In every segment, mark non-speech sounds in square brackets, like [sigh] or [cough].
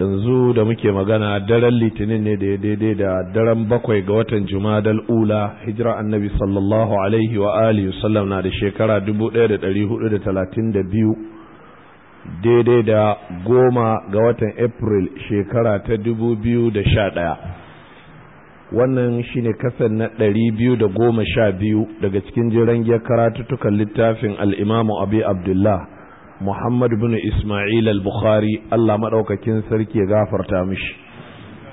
yanzu da muke magana daren litinin ne da ya daidai da daren bakwai ga watan jumadal ula hijira annabi sallallahu alaihi wa alihi wasallam na da shekara 1432 daidai da goma ga watan april shekara ta 2011 wannan shine kasan na 212 daga cikin jiran karatuttukan littafin al'imamu abi abdullah Muhammad bin Ismail al-Bukhari Allah maɗaukakin sarki ya gafarta mishi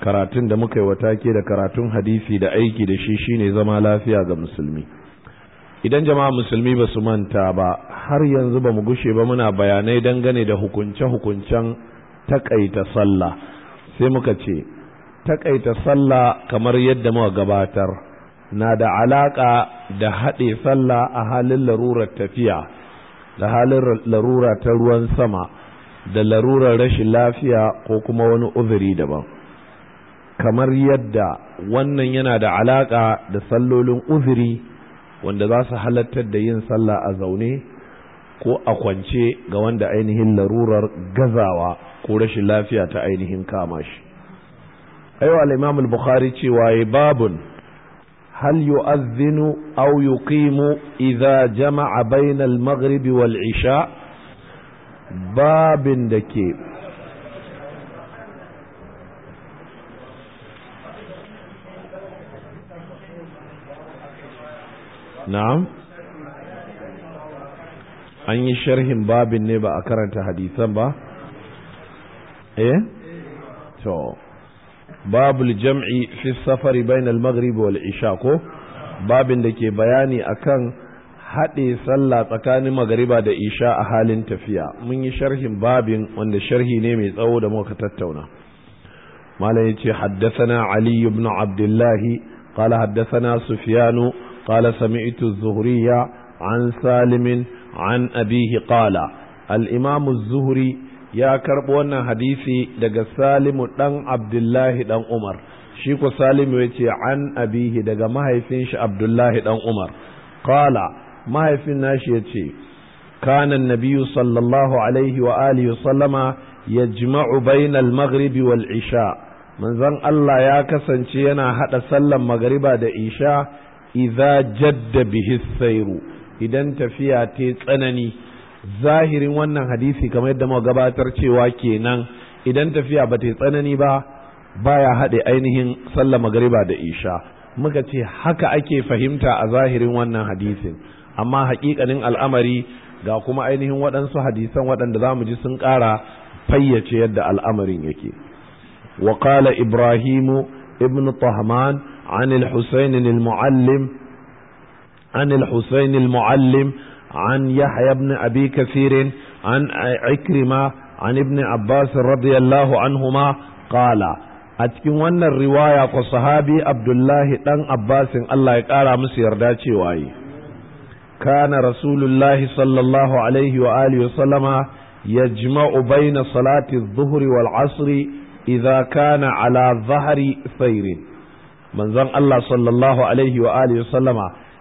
karatun da muka yi wata ke da karatun hadisi da aiki da shi shine zama lafiya ga musulmi idan jama'a musulmi ba su manta ba har yanzu ba mu gushe ba muna bayanai dangane da hukunce-hukuncen takaita sallah sai muka ce takaita sallah kamar yadda muka gabatar na da alaka da haɗe sallah a halin larurar tafiya da halin larura ta ruwan sama da larurar rashin lafiya ko kuma wani uzuri daban kamar yadda wannan yana da alaƙa da sallolin uzuri wanda za su halattar da yin sallah a zaune ko a kwance ga wanda ainihin larurar gazawa ko rashin lafiya ta ainihin kama shi aiwa al-imam al-bukhari cewa babun هل يؤذن أو يقيم إذا جمع بين المغرب والعشاء باب دكي نعم أن يشرهم باب النبا أكرنت حديثا با إيه تو so. babul jam'i fi safari bainal maghrib wal isha ko babin da ke bayani akan haɗe sallah tsakanin magariba da isha a halin tafiya mun yi sharhin babin wanda sharhi ne mai tsawo da muka tattauna malam yace haddathana ali ibn abdullah qala haddathana sufyanu qala sami'tu az-zuhriyya an Salimin an abihi qala al-imam az ya karɓi wannan hadisi daga salimu ɗan abdullahi ɗan umar shi ko salimu ya ce an abihi daga mahaifin shi abdullahi ɗan umar kala mahaifin nashi ya ce kanan nabiyu sallallahu alaihi wa alihi sallama ya jima'u bainal maghribi wal isha manzon Allah ya kasance yana haɗa sallan magariba da isha idza jadda bihi sairu idan tafiya ta tsanani zahirin wannan hadisi kamar yadda muka gabatar cewa kenan idan tafiya ba ta tsanani ba baya haɗe ainihin sallah magariba da isha muka ce haka ake fahimta a zahirin wannan hadisin amma haƙiƙanin al'amari ga kuma ainihin waɗansu hadisan waɗanda za mu ji sun ƙara fayyace yadda al'amarin yake wa ibrahimu ibn tahman an al-husayn muallim an al-husayn muallim عن يحيى بن أبي كثير عن عكرمة عن ابن عباس رضي الله عنهما قال أتكن ون الرواية صحابي عبد الله بن عباس الله يقال مسير داتي واي كان رسول الله صلى الله عليه وآله وسلم يجمع بين صلاة الظهر والعصر إذا كان على ظهر ثير من ذن الله صلى الله عليه وآله وسلم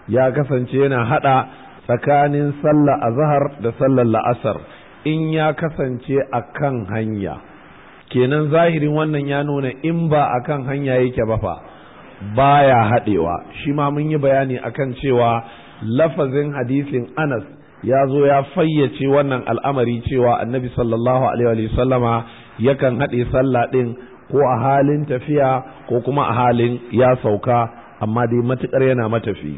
يا كفن هذا tsakanin sallar azhar da sallar la'asar in ya kasance a kan hanya kenan zahirin wannan ya nuna in ba a kan hanya yake ba fa baya haɗewa shi ma mun yi bayani akan cewa lafazin hadisin anas ya zo ya fayyace wannan al'amari cewa annabi sallallahu alaihi sallama yakan haɗe sallah ɗin ko a halin tafiya ko kuma a halin ya sauka amma dai matuƙar yana matafi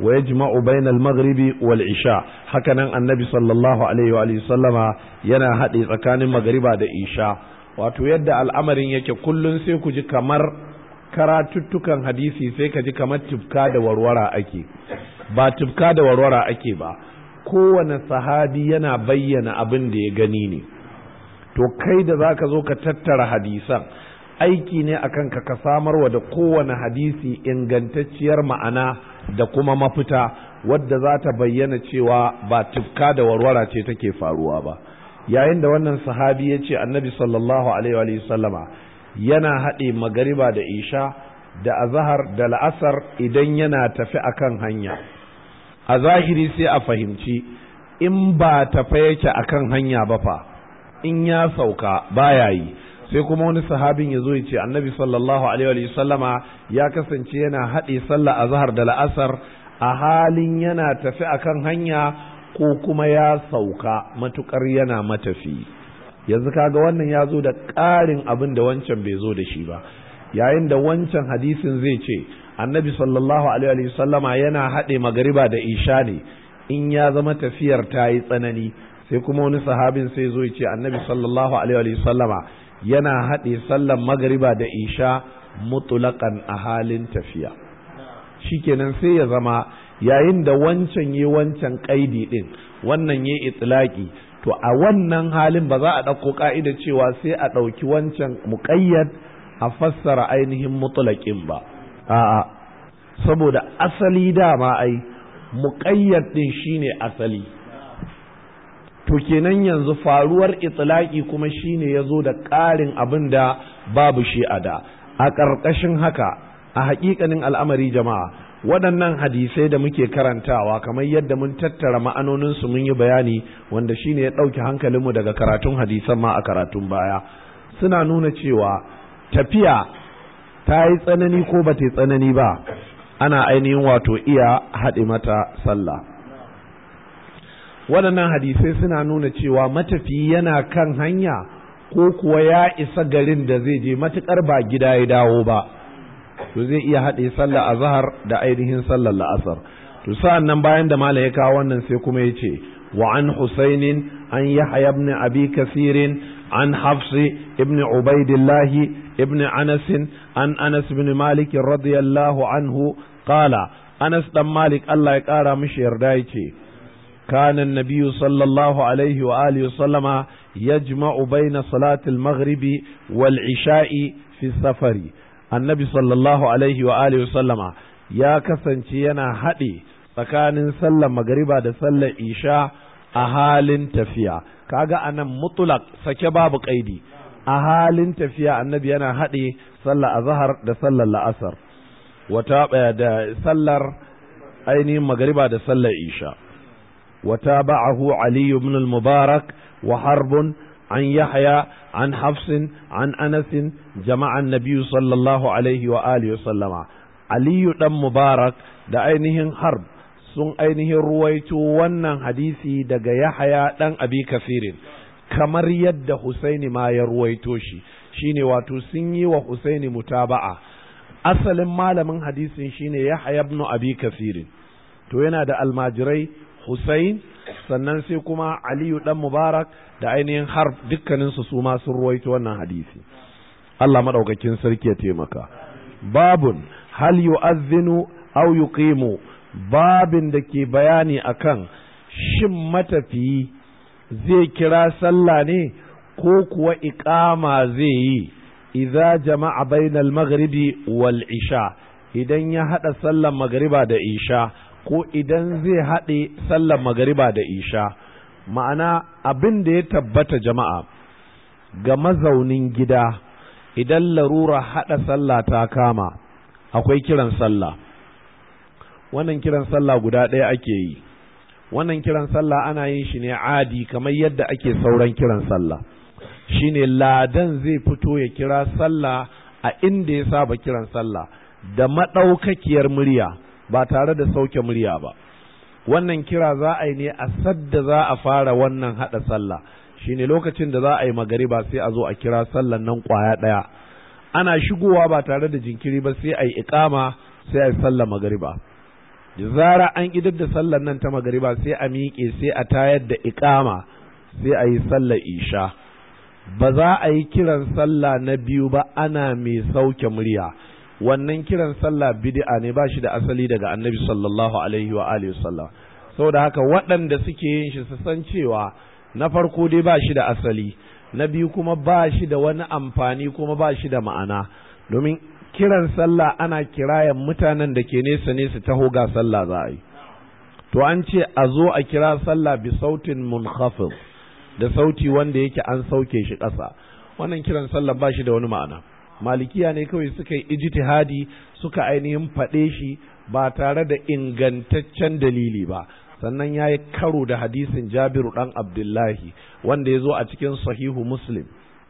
wa jima'u bainal magaribi wal'isha? isha hakanan annabi sallallahu alaihi wa sallama yana haɗe tsakanin magariba da isha wato yadda al'amarin yake kullum sai ku ji kamar karatuttukan hadisi sai ka ji kamar tufka da warwara ake ba tufka da warwara ake ba kowane sahadi yana bayyana abin da ya gani ne to kai da zaka zo ka tattara hadisan aiki ne akan ka ka samarwa da kowane hadisi ingantacciyar ma'ana da kuma mafita wadda za ta bayyana cewa ba tufka da warwara ce take faruwa ba yayin da wannan sahabi ya ce annabi sallallahu alaihi wa sallama yana haɗe magariba da isha da azahar da la'asar idan yana tafi akan hanya a zahiri sai a fahimci in ba tafa yake akan hanya ba fa in ya sauka baya yi sai kuma wani sahabin ya zo ya ce annabi sallallahu alaihi sallama ya kasance yana haɗe sallah a zahar da la'asar a halin yana tafi a kan hanya ko kuma ya sauka matukar yana matafi yanzu kaga wannan ya zo da ƙarin abin da wancan bai zo da shi ba yayin da wancan hadisin zai ce annabi sallallahu alaihi sallama yana haɗe magariba da isha ne in ya zama tafiyar ta yi tsanani sai kuma wani sahabin sai zo ya ce annabi sallallahu alaihi sallama yana haɗe sallan magariba da isha mutulakan a halin tafiya shikenan sai ya zama yayin da wancan yi wancan ƙaidi ɗin, wannan yi itilaki to a wannan halin ba za a ɗauko ƙa'ida cewa sai a ɗauki wancan muƙayyad a fassara ainihin mutulakin ba a'a saboda asali dama ai muƙayyad din shine asali to kenan yanzu faruwar itilaki kuma shine ya zo da ƙarin abin da babu shi a da a ƙarƙashin haka a haƙiƙanin al'amari jama'a waɗannan hadisai da muke karantawa kamar yadda mun tattara ma'anoninsu mun yi bayani wanda shine ya ɗauki hankalinmu daga karatun hadisan ma a karatun baya suna nuna cewa tafiya ta yi tsanani ko ba ta yi tsanani ba ana ainihin wato iya haɗe mata sallah waɗannan hadisai suna nuna cewa matafiyi yana kan hanya ko kuwa ya isa garin da zai je matukar ba gida ya dawo ba to zai iya haɗe sallah azhar da ainihin sallar la'asar to sa'an nan bayan da mala ya kawo wannan sai kuma ya ce wa an husainin an yahya ibn abi kasirin an hafsi ibn ubaidillahi ibn anas an anas ibn malik radiyallahu anhu qala anas dan malik Allah ya kara mishi yarda yace كان النبي صلى الله عليه وآله وسلم يجمع بين صلاة المغرب والعشاء في السفر النبي صلى الله عليه وآله وسلم يا كسنتينا هدي tsakanin sallar magariba da sallar isha a halin tafiya kaga anan mutlak sake babu kaidi a halin tafiya annabi yana haɗe sallar azhar da sallar la'asar wata da sallar ainihin magariba da sallar isha وتابعه علي بن المبارك وحرب عن يحيى عن حفص عن أنس جمع النبي صلى الله عليه وآله وسلم علي بن مبارك da ainihin harb sun ainihin ruwaito wannan hadisi daga Yahaya ɗan Abi Kafirin, kamar yadda Husaini ma ya ruwaito shi, shine wato sun yi wa Husaini mutaba'a. Asalin malamin hadisin shine Yahaya ibn Abi Kafirin, to yana da almajirai Hussain sannan sai kuma Aliyu dan Mubarak da ainihin Harb dukkanin su su ma sun ruwaito wannan hadisi Allah madaukakin sarki ya taimaka babun hal yuazzinu aw yuqimu babin da ke bayani akan shin matafiyi zai kira sallah ne ko kuwa iqama zai yi idza jama'a bainal maghribi wal isha idan ya hada sallar magriba da isha ko idan zai haɗe sallar magariba da isha ma'ana abin da ya tabbata jama'a ga mazaunin gida idan larura haɗa sallah ta kama akwai kiran sallah wannan kiran sallah guda ɗaya ake yi wannan kiran sallah ana yin shi ne adi kamar yadda ake sauran kiran sallah Shi ne ladan zai fito ya kira sallah a inda ya saba kiran sallah da maɗaukakiyar murya ba tare da sauke murya ba wannan kira za a yi ne a sadda za a fara wannan hada sallah shine lokacin da za a yi magariba sai a zo a kira sallan nan kwaya ɗaya ana shigowa ba tare da jinkiri ba sai a yi sai a yi sallar magariba zara an idar da sallar nan ta magariba sai a miƙe sai a tayar da ikama sai a yi sallar isha ba za a yi kiran sallah na biyu ba ana mai sauke murya wannan kiran sallah bid'a ne bashi da asali daga annabi sallallahu alaihi wa alihi wasallam saboda haka waɗanda suke yin shi su san cewa na farko dai ba shi da asali na biyu kuma bashi da wani amfani kuma bashi da ma'ana domin kiran sallah ana kirayen mutanen da ke nesa ne su taho ga sallah za a yi to an ce a zo a kira sallah bi sautin munkhafid da sauti wanda yake an sauke shi ƙasa wannan kiran sallah bashi da wani ma'ana malikiya ne kawai suka yi ijtihadi suka ainihin faɗe shi ba tare da ingantaccen dalili ba sannan ya yi karo da hadisin jabiru ɗan abdullahi wanda ya zo a cikin sahihu muslim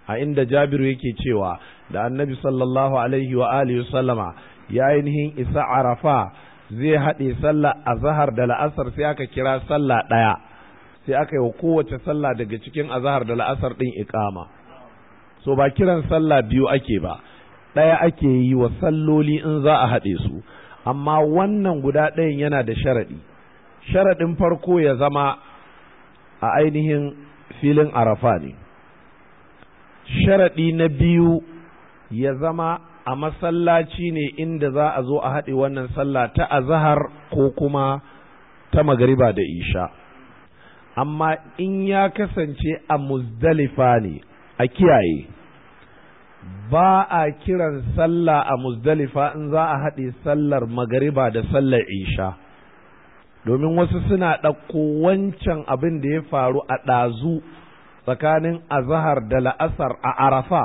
a inda jabiru yake cewa da annabi sallallahu alaihi wa alihi sallama ya ainihin isa arafa zai haɗe sallah a zahar da la'asar sai aka kira sallah ɗaya sai aka yi wa kowace sallah daga cikin azahar da la'asar ɗin iƙama so ba kiran sallah biyu ake ba ɗaya ake yi wa salloli in za a haɗe su amma wannan guda ɗayan yana da sharaɗi sharaɗin farko ya zama a ainihin filin arafa ne sharaɗi na biyu ya zama a masallaci ne inda za a zo a haɗe wannan sallah ta azahar ko kuma ta magariba da isha amma in ya kasance a muzdalifa ne a kiyaye ba a kiran sallah a muzdalifa in za a haɗe sallar magariba da sallar isha domin wasu suna ɗauko wancan abin da ya faru a ɗazu tsakanin azahar da la'asar a arafa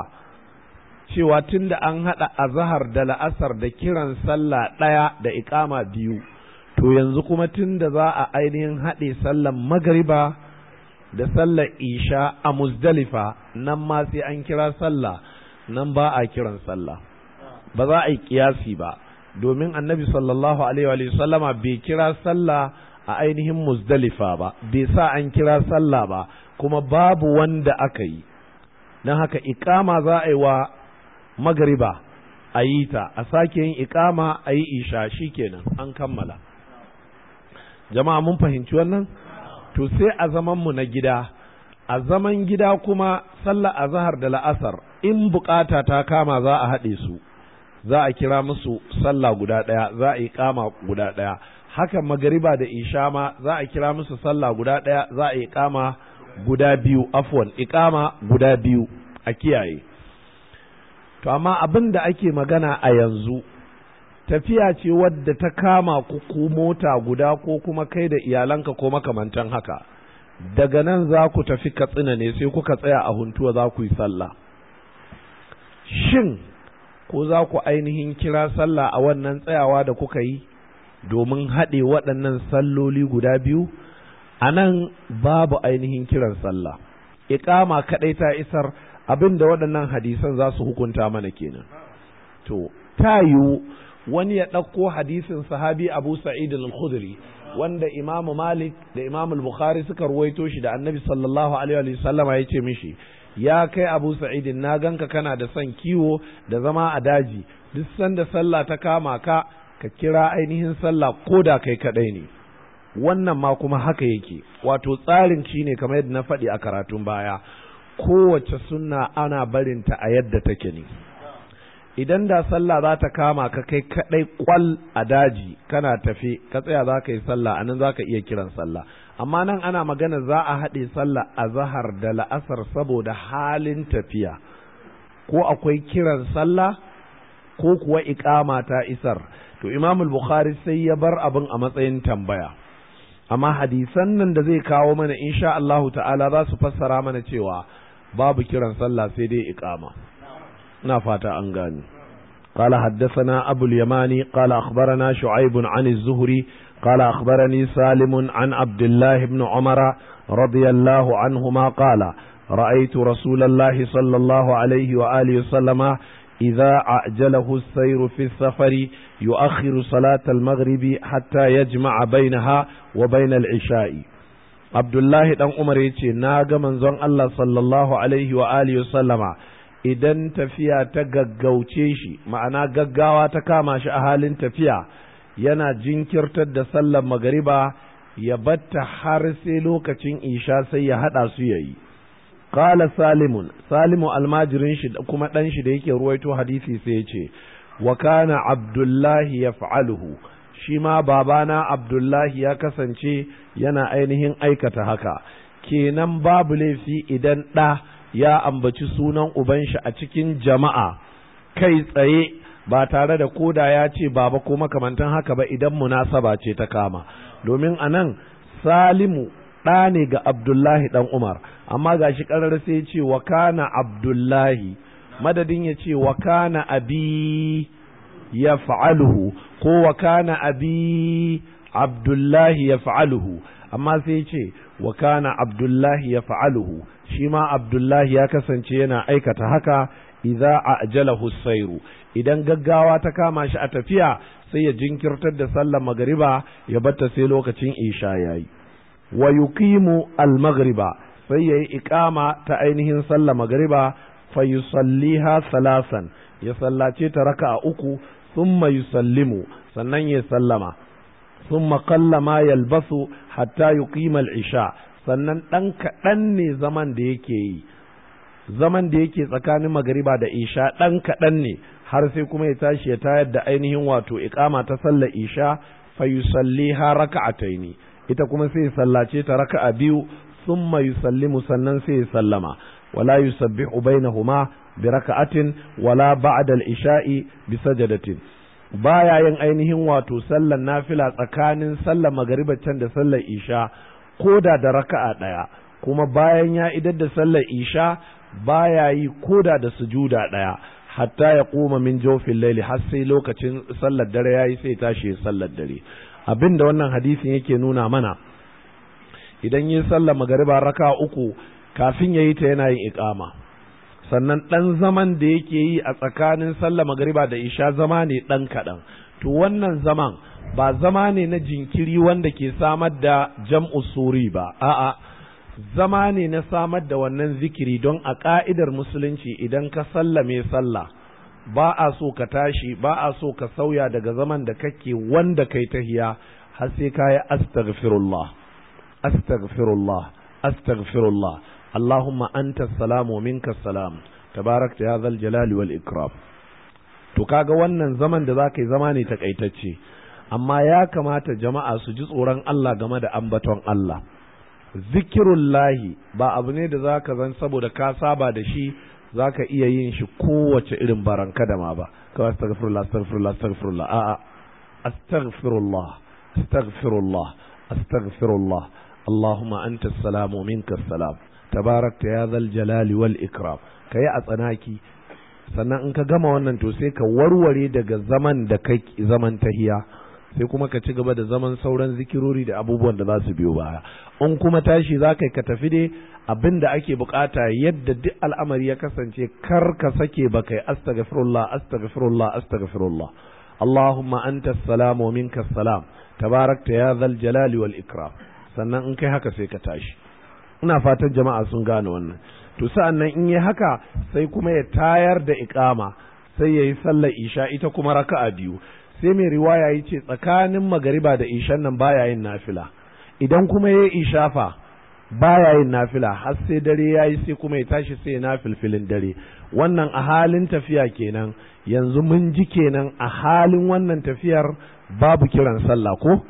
cewa tun da an haɗa azahar da la'asar da kiran sallah ɗaya da ikama biyu to yanzu kuma tun da za a ainihin haɗe sallar magariba da sallar isha a muzdalifa nan ma sai an kira sallah nan ba a kiran sallah ba za a yi kiyasi ba domin annabi sallallahu alaihi wa sallama bai kira sallah a ainihin muzdalifa ba bai sa an kira sallah ba kuma babu wanda aka yi don haka ikama za a yi wa magariba a yi ta a sake yin ikama a yi isha shi kenan an kammala jama'a mun fahimci wannan to sai a zamanmu na gida a zaman gida kuma sallar azahar da la'asar in bukata ta kama za a haɗe su za a kira musu sallah guda ɗaya za a yi kama guda ɗaya hakan magariba da isha ma za a kira musu sallah guda ɗaya za a yi kama guda biyu afwan ikama guda biyu a kiyaye to amma abin da ake magana a yanzu tafiya ce wadda ta kama ku mota guda ko kuma kai da iyalanka ko makamantan haka daga nan za ku tafi katsina ne sai kuka tsaya a huntuwa za ku yi sallah shin ko za ku ainihin kira sallah a wannan tsayawa da kuka yi domin haɗe waɗannan salloli guda biyu a nan babu ainihin kiran sallah iƙama kaɗai ta isar abin da waɗannan hadisan za su hukunta mana kenan to ta yiwu wani ya ɗauko hadisin sahabi abu sa'id al-khudri wanda imam malik da imam al-bukhari suka ruwaito shi da annabi sallallahu alaihi wa sallama ya ce mishi ya kai abu sa'id na ganka kana da son kiwo da zama a daji duk sanda sallah ta kama ka ka kira ainihin sallah ko da kai kadai ne wannan ma kuma haka yake wato tsarin shi ne kamar yadda na faɗi a karatun baya kowace sunna ana barinta a yadda take ne idan da sallah za ta kama ka kai kaɗai kwal a daji kana tafe ka tsaya za ka yi sallah anan za ka iya kiran sallah amma nan ana magana za a haɗe sallah a zahar da la'asar saboda halin tafiya ko akwai kiran sallah ko kuwa iƙama ta isar to imamul bukhari sai ya bar abin a matsayin tambaya amma hadisan nan da zai kawo mana insha Allahu ta'ala za su fassara mana cewa babu kiran sallah sai dai iƙama ina fata an gane قال حدثنا أبو اليماني قال أخبرنا شعيب عن الزهري قال أخبرني سالم عن عبد الله بن عمر رضي الله عنهما قال رأيت رسول الله صلى الله عليه وآله وسلم إذا أعجله السير في السفر يؤخر صلاة المغرب حتى يجمع بينها وبين العشاء عبد الله بن عمر يتي ناغ منزون الله صلى الله عليه وآله وسلم idan tafiya ta gaggauce shi ma'ana gaggawa ta kama shi a halin tafiya yana jinkirtar da sallar magariba ya batta har sai lokacin isha sai ya haɗa su ya yi qala salimun salimu almajirin shi kuma ɗan shi da yake ruwaito hadisi sai ya ce wa kana abdullahi yaf'aluhu shi ma babana abdullahi ya kasance yana ainihin aikata haka kenan babu laifi idan ɗa ya ambaci sunan uban shi a cikin jama'a kai tsaye ba tare da koda ya ce baba ko makamantan haka ba idan munasaba ce ta kama domin anan salimu ɗa ne ga abdullahi ɗan umar amma ga shi ƙarar sai ya ce wa kana abdullahi madadin ya ce wa kana abi ya fa'aluhu ko wa kana abi abdullahi ya fa'aluhu amma sai ya ce wa kana abdullahi ya fa'aluhu shi ma abdullahi ya kasance yana aikata haka a Jala Hussairu. idan gaggawa ta kama shi a tafiya sai ya jinkirtar da sallar magriba ya batta sai lokacin isha yayi wa yuqimu al magriba sai yayi iqama ta ainihin sallar magriba fa yusalliha salasan ya sallace ta raka'a uku thumma yusallimu sannan ya sallama ثم ma yalbasu hatta yuqima al isha. sannan ɗan kaɗan ne zaman da yake yi zaman da yake tsakanin magariba da isha ɗan kaɗan ne har sai kuma ya tashi ya tayar da ainihin wato iƙama ta sallar isha fa ha taini, ita kuma sai ya sallace ta raka'a biyu thumma yusallimu sannan sai ya sallama wala yusabbihu bainahuma bi raka'atin wala ba'da al-isha'i bi sajadatin baya yin ainihin wato sallar nafila tsakanin sallar magariba can da sallar isha koda da raka'a ɗaya kuma bayan ya idar da sallar isha baya yi koda da sujuda ɗaya hatta ya koma min jofin laili har sai lokacin sallar dare ya yi sai tashi sallar dare abin da wannan hadisin yake nuna mana idan yi sallar magariba raka uku kafin ya yi ta yana yin ikama sannan ɗan zaman da yake yi a tsakanin sallar magariba da isha zama ne ɗan kaɗan to wannan zaman ba zama ne na jinkiri wanda ke samar da jam'u suri ba a'a zama ne na samar da wannan zikiri don a ƙa'idar musulunci idan ka sallame sallah ba a so ka tashi ba a so ka sauya daga zaman da kake wanda kai tahiya har sai ka yi astaghfirullah astaghfirullah astaghfirullah allahumma anta salamu minka salam tabarakta ya zal jalali wal ikram to kaga wannan zaman da zaka yi zama ne takaitacce amma ya kamata jama'a su ji tsoron Allah game da ambaton Allah zikirullahi ba abu ne da za ka zan saboda ka saba da shi za ka iya yin shi kowace irin baranka da ma ba kawai astaghfirullah astaghfirullah astaghfirullah a'a astaghfirullah astaghfirullah astaghfirullah Allahumma anta salamu minka salam tabarakta ya zal jalali wal ikram kai a tsanaki sannan in ka gama wannan to sai ka warware daga zaman da kai zaman tahiya sai kuma ka ci gaba da zaman sauran zikirori da abubuwan da za su biyo baya in kuma tashi za ka ka tafi dai abin da ake bukata yadda duk al'amari ya kasance kar ka sake ba kai astaghfirullah astaghfirullah astaghfirullah Allahumma anta salam wa minka salam tabarakta ya zal jalali wal ikram sannan in kai haka sai ka tashi ina fatan jama'a sun gane wannan to sa'an nan in yi haka sai kuma ya tayar da iqama sai ya yi sallar isha ita kuma raka'a biyu sai mai riwaya ya ce tsakanin magariba da ishan nan baya yin nafila idan kuma ya yi fa baya yin nafila har sai dare ya yi sai kuma ya tashi sai na filfilin dare wannan a halin tafiya kenan yanzu mun ji kenan a halin wannan tafiyar babu kiran sallah ko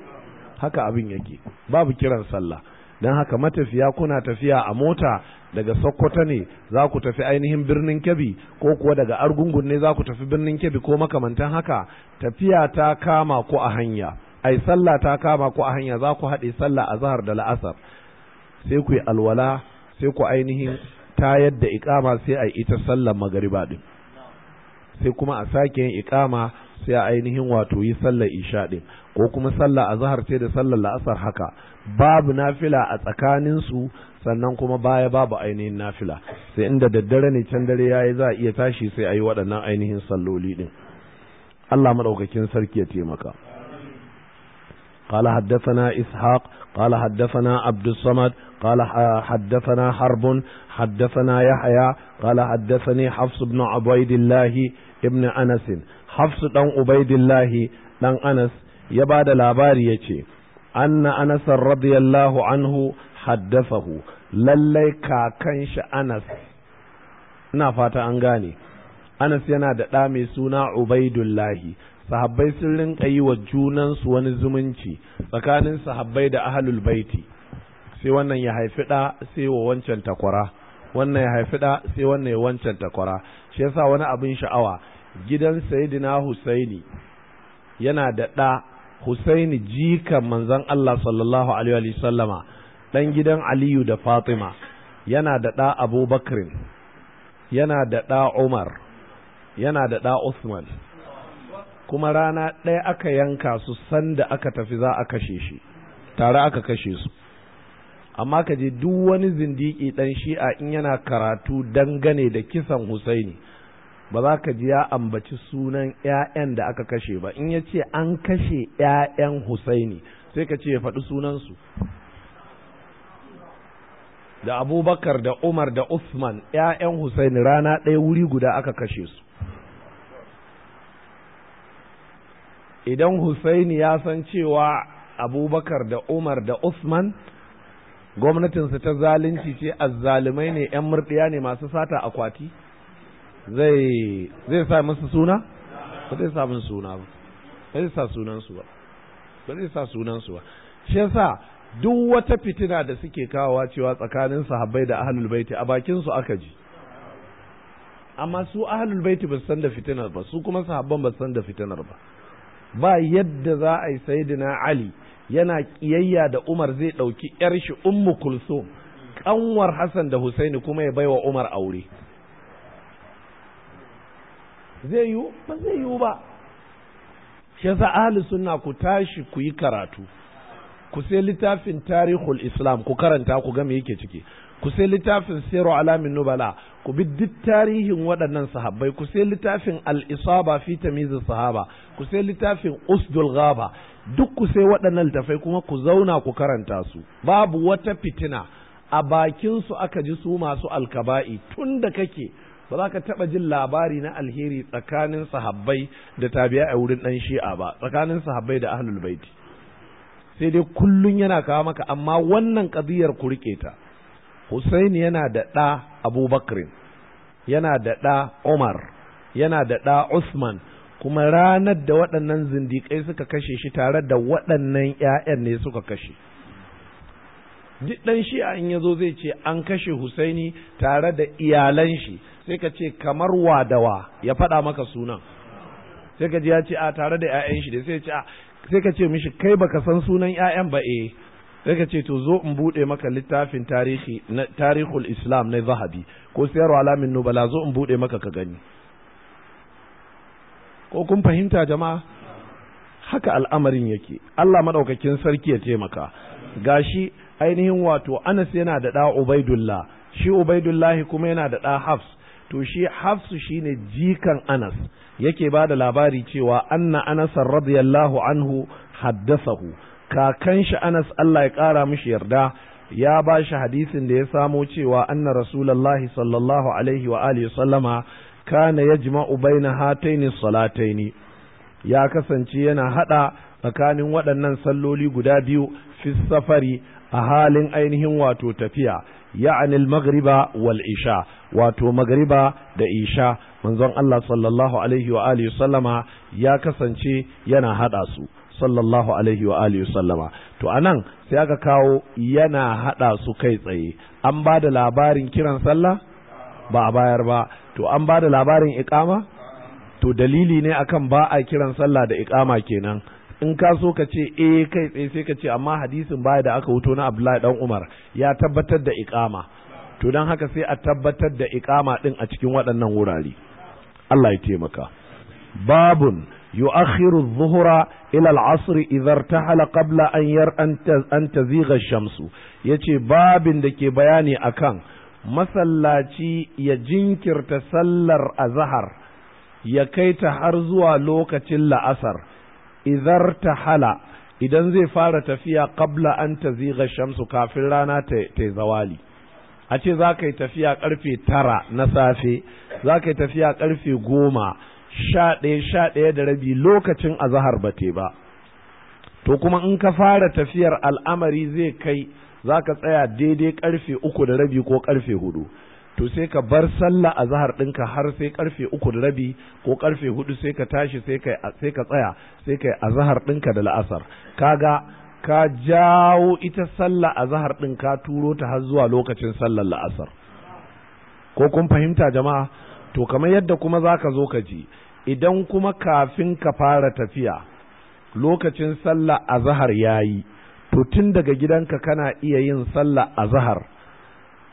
haka abin yake babu kiran sallah don haka matafiya kuna tafiya a mota daga sokoto ne za ku tafi ainihin birnin kebbi ko kuwa daga argungun ne za ku tafi birnin kebbi ko makamantan haka tafiya ta kama ku a hanya ai sallah ta kama ku a hanya za ku haɗe sallah a zahar da la'asar sai ku yi alwala sai ku ainihin tayar da ikama sai a ita sallar magariba din sai kuma a sake yin ikama sai a ainihin wato yi sallar isha din ko kuma sallar azhar sai da sallar la'asar haka babu nafila a tsakanin su sannan kuma baya babu ainihin nafila sai inda daddare ne can dare yayi za a iya tashi sai ayi waɗannan ainihin salloli ɗin Allah maɗaukakin sarki ya taimaka قال حدثنا إسحاق قال حدثنا عبد الصمد قال حدثنا حرب حدثنا يحيى قال حدثني حفص بن عبيد الله ابن أنس حفص بن عبيد الله بن أنس يبعد الأبار أن أنس رضي الله عنه haddafahu lallai kakan shi Anas ina fata an gane Anas yana da ɗa mai suna Ubaidullahi sahabbai sun rinka yi wa junansu wani zumunci tsakanin sahabbai da ahlul baiti sai wannan ya haifi ɗa sai wa wancan takwara wannan ya haifi ɗa sai wannan ya wancan takwara shi yasa wani abin sha'awa gidan sayyidina Husaini yana da ɗa Husaini jikan manzon Allah sallallahu alaihi wa sallama ɗan gidan aliyu da fatima yana da ɗa abubakrin yana da ɗa umar yana da ɗa usman kuma rana ɗaya aka yanka su sanda aka tafi za a kashe shi tare aka kashe su amma ka je duk wani zindiki ɗan shi'a in yana karatu dangane da kisan husaini ba za ka ji ya ambaci sunan 'ya'yan da aka kashe ba in ya ce an kashe 'ya'yan husaini sai ka ce ya faɗi sunansu da abubakar da umar da usman ‘ya'yan Hussein rana ɗaya wuri guda aka kashe su idan Hussein ya san cewa abubakar da umar da usman gwamnatinsa ta zalunci ce azzalumai ne ‘yan murɗiya ne masu sata akwati zai zai sa musu suna? zai sa sunansu ba ba zai sa sunansu ba shi yasa duk wata fitina da suke kawowa cewa tsakanin sahabbai da ahlul baiti a bakin su aka ji amma su ahlul baiti ba san da fitinar ba su kuma sahabban ba san da fitinar ba ba yadda za a yi sayyidina ali yana kiyayya da umar zai ɗauki yar shi ummu kulsum kanwar hassan da husaini kuma ya baiwa umar aure zai yiwu ba zai yiwu ba shi yasa ahlus sunna ku tashi ku yi karatu ku sai littafin tarihul islam ku karanta ku ga me yake ciki ku sai littafin siru alamin nubala ku bi duk tarihin waɗannan sahabbai ku sai littafin al-isaba fi tamyiz sahaba ku sai littafin usdul ghaba duk ku sai waɗannan littafai kuma ku zauna ku karanta su babu wata fitina a bakin su aka ji su masu alkaba'i tun da kake ba za ka taɓa jin labari na alheri tsakanin sahabbai da tabi'a a wurin ɗan shi'a ba tsakanin sahabbai da ahlul baiti sai dai kullum yana kawo maka amma wannan ƙaziyar ku riƙe ta Hussein yana da ɗa Abubakar yana da ɗa Umar yana da ɗa Usman kuma ranar da waɗannan zindiƙai suka kashe shi tare da waɗannan ‘ya'yan ne suka kashe. Duk ɗan shi in ya zo zai ce an kashe Husaini tare da iyalan shi sai ka ce kamar wadawa ya faɗa maka sunan. Sai ka ji ya ce a tare da ‘ya'yan shi da sai ce a sai ka ce mishi kai baka san sunan ƴaƴan ba eh sai ka ce to zo in bude maka littafin tarihi na tarihul islam na zahabi ko siyar alamin nubala zo in bude maka ka gani ko kun fahimta jama'a haka al'amarin yake Allah madaukakin sarki ya taimaka gashi ainihin wato Anas yana da da Ubaidullah shi Ubaidullahi kuma yana da da Hafs to shi hafsu shine jikan anas yake ba da labari cewa anna anas radiyallahu anhu haddasahu kakan shi anas Allah ya kara mishi yarda ya ba shi hadisin da ya samo cewa anna rasulullahi sallallahu alaihi wa alihi sallama kana yajma'u baina hataini salataini ya kasance yana hada tsakanin waɗannan salloli guda biyu fi safari a halin ainihin wato tafiya Ya'anil al-maghriba wal isha wato maghriba da isha manzon Allah sallallahu alaihi wa alihi sallama ya kasance yana hada su sallallahu alaihi wa alihi sallama to anan sai aka kawo yana hada su kai tsaye an ba da labarin kiran sallah ba a bayar ba to an ba da labarin iqama to dalili ne akan ba a kiran sallah da iqama kenan in ka so ka ce eh kai tsaye sai ka ce amma hadisin baya da aka wuto na Abdullahi dan Umar ya tabbatar da iqama to dan haka sai a tabbatar da iqama din a cikin waɗannan wurare Allah ya taimaka babun yu'akhiru adh-dhuhra ila al-'asr idha irtahala qabla an yar an tazigha ash-shamsu yace babin da ke bayani akan masallaci ya jinkirta sallar azhar ya kai ta har zuwa lokacin la'asar idhar tahala idan zai fara tafiya qabla an taziga shamsu kafin rana ta zawali a ce za ka yi tafiya karfe tara na safe za ka yi tafiya karfe goma sha ɗaya sha ɗaya da rabi lokacin azahar ba ba to kuma in ka fara tafiyar al'amari zai kai za ka tsaya daidai karfe uku da rabi ko karfe hudu to sai ka bar sallah a zahar ɗinka har sai karfe uku da rabi ko karfe hudu sai ka tashi sai ka sai tsaya sai ka a zahar ɗinka da la'asar Ka ga ka jawo ita sallah a zahar ɗin ka turo ta har zuwa lokacin sallar la'asar ko kun fahimta jama'a to kamar yadda kuma za ka zo ka ji idan kuma kafin ka fara tafiya lokacin sallah a zahar ya yi to tun daga gidanka kana iya yin sallah a zahar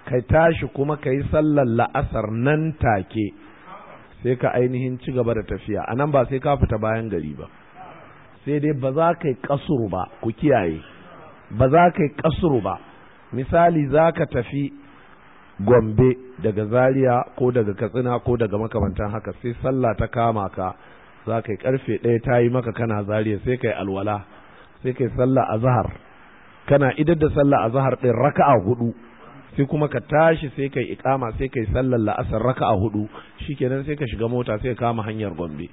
Kai tashi kuma ka yi sallar la'asar nan take sai ka ainihin ci gaba da tafiya a nan ba sai ka fita bayan gari ba sai dai ba za ka yi kasuru ba ku kiyaye ba za ka yi kasuru ba misali za ka tafi gombe daga zaria ko daga katsina ko daga makamantan haka sai sallah ta kama ka za ka yi karfe ɗaya ta yi maka kana zaria sai ka yi alwala sai ka yi sallah a zahar kana idar da sallah a zahar ɗin raka'a hudu sai kuma ka tashi sai kai ikama sai kai sallar la'asar raka a hudu shikenan sai ka shiga mota sai ka kama hanyar Gombe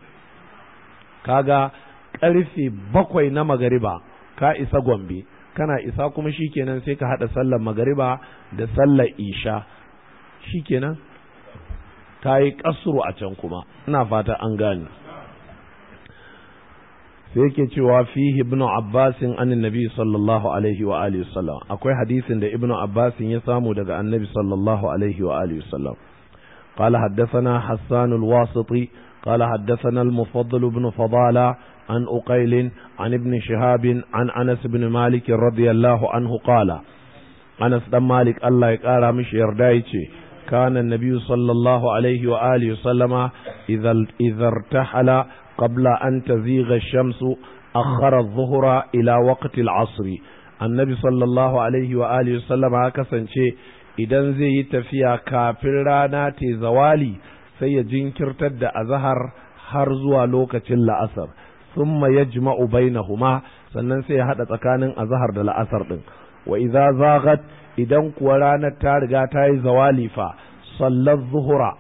kaga karfe bakwai na magariba ka isa Gombe kana isa kuma shikenan sai ka hada sallar magariba da sallar isha shikenan ta yi kasuru a can kuma ina fata an gane sai yake cewa fihi ibn Abbas an nabi sallallahu alaihi wa alihi wasallam akwai hadisin da ibn Abbas ya samu daga annabi sallallahu alaihi wa alihi wasallam قال حدثنا حسان الواسطي قال حدثنا المفضل بن فضالة عن أقيل عن ابن شهاب عن أنس بن مالك رضي الله عنه قال أنس بن مالك الله يقارى مش يردايتي كان النبي صلى الله عليه وآله وسلم إذا, إذا ارتحل qabla an tazigha shamsu akhara adh-dhuhra ila waqti al-'asr annabi sallallahu alaihi wa alihi sallama kasance idan zai yi tafiya kafin rana ta zawali sai ya jinkirtar da azahar har zuwa lokacin la'asar thumma yajma'u bainahuma sannan sai ya haɗa tsakanin azahar da la'asar ɗin wa idza zaghat idan kuwa ranar ta riga ta yi zawali fa sallar zuhura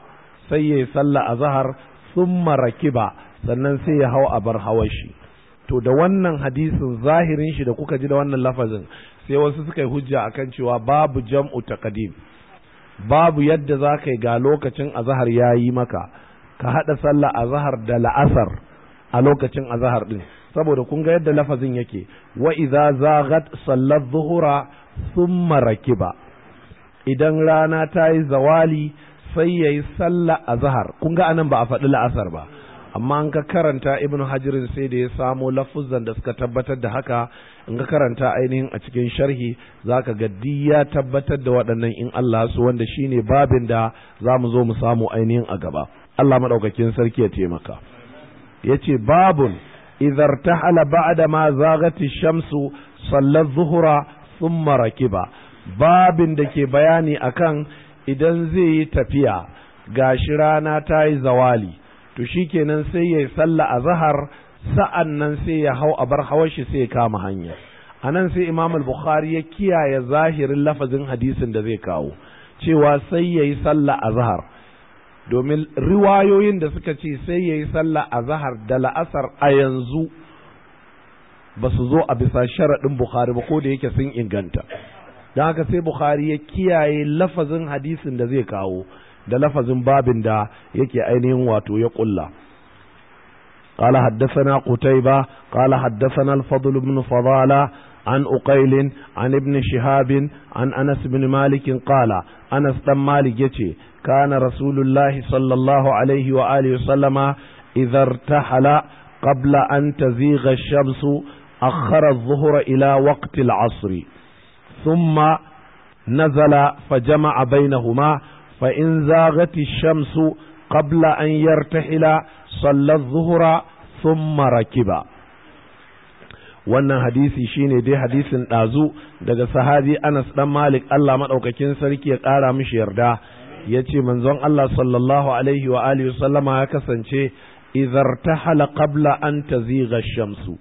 sai ya yi sallah azahar zahar sun marakiba sannan sai ya hau a bar hawan shi to da wannan hadisin zahirin shi da kuka ji da wannan lafazin sai wasu suka yi hujja akan cewa babu jam'u taqdim babu yadda za ka yi ga lokacin azahar ya yi maka ka haɗa sallah azahar da la'asar a lokacin azahar ɗin saboda kun ga yadda lafazin yake wa idza zaghat sallar zuhura thumma rakiba idan rana ta yi zawali sai yayi sallah azahar kun ga anan ba a faɗi la'asar ba amma an ka karanta ibn hajirin sai da ya samo lafuzan da suka tabbatar da haka in ka karanta ainihin a cikin sharhi za ka ga ya tabbatar da waɗannan in Allah su wanda shine babin da za mu zo mu samu ainihin a gaba Allah maɗaukakin sarki ya taimaka Ya yace babun hala ba da ma Zagati, shamsu sallar zuhura sun marakiba babin da ke bayani akan idan zai yi tafiya gashi rana ta yi zawali to shi kenan sai ya yi sallah a zahar sa'an nan sai ya hau a bar hawar shi sai ya kama hanya a nan sai imam al-bukhari ya kiyaye zahirin lafazin hadisin da zai kawo cewa sai ya yi sallah a zahar domin riwayoyin da suka ce sai ya yi sallah a zahar da la'asar a yanzu ba su zo a bisa sharaɗin bukhari ba ko da yake sun inganta don haka sai bukhari ya kiyaye lafazin hadisin da zai kawo da lafazin babin da yake ainihin wato ya kulla قال حدثنا قتيبة قال حدثنا الفضل بن فضالة عن أقيل عن ابن شهاب عن أنس بن مالك قال أنس بن مالك يتي كان رسول الله صلى الله عليه وآله وسلم إذا ارتحل قبل أن تزيغ الشمس أخر الظهر إلى وقت العصر ثم نزل فجمع بينهما fa in zagati shamsu qabla an yartahila sallar zuhura thumma ba. wannan hadisi shine dai hadisin ɗazu daga sahabi Anas dan Malik Allah madaukakin sarki ya ƙara mishi yarda yace manzon Allah sallallahu alaihi wa alihi sallama ya kasance idartahala qabla an taziga shamsu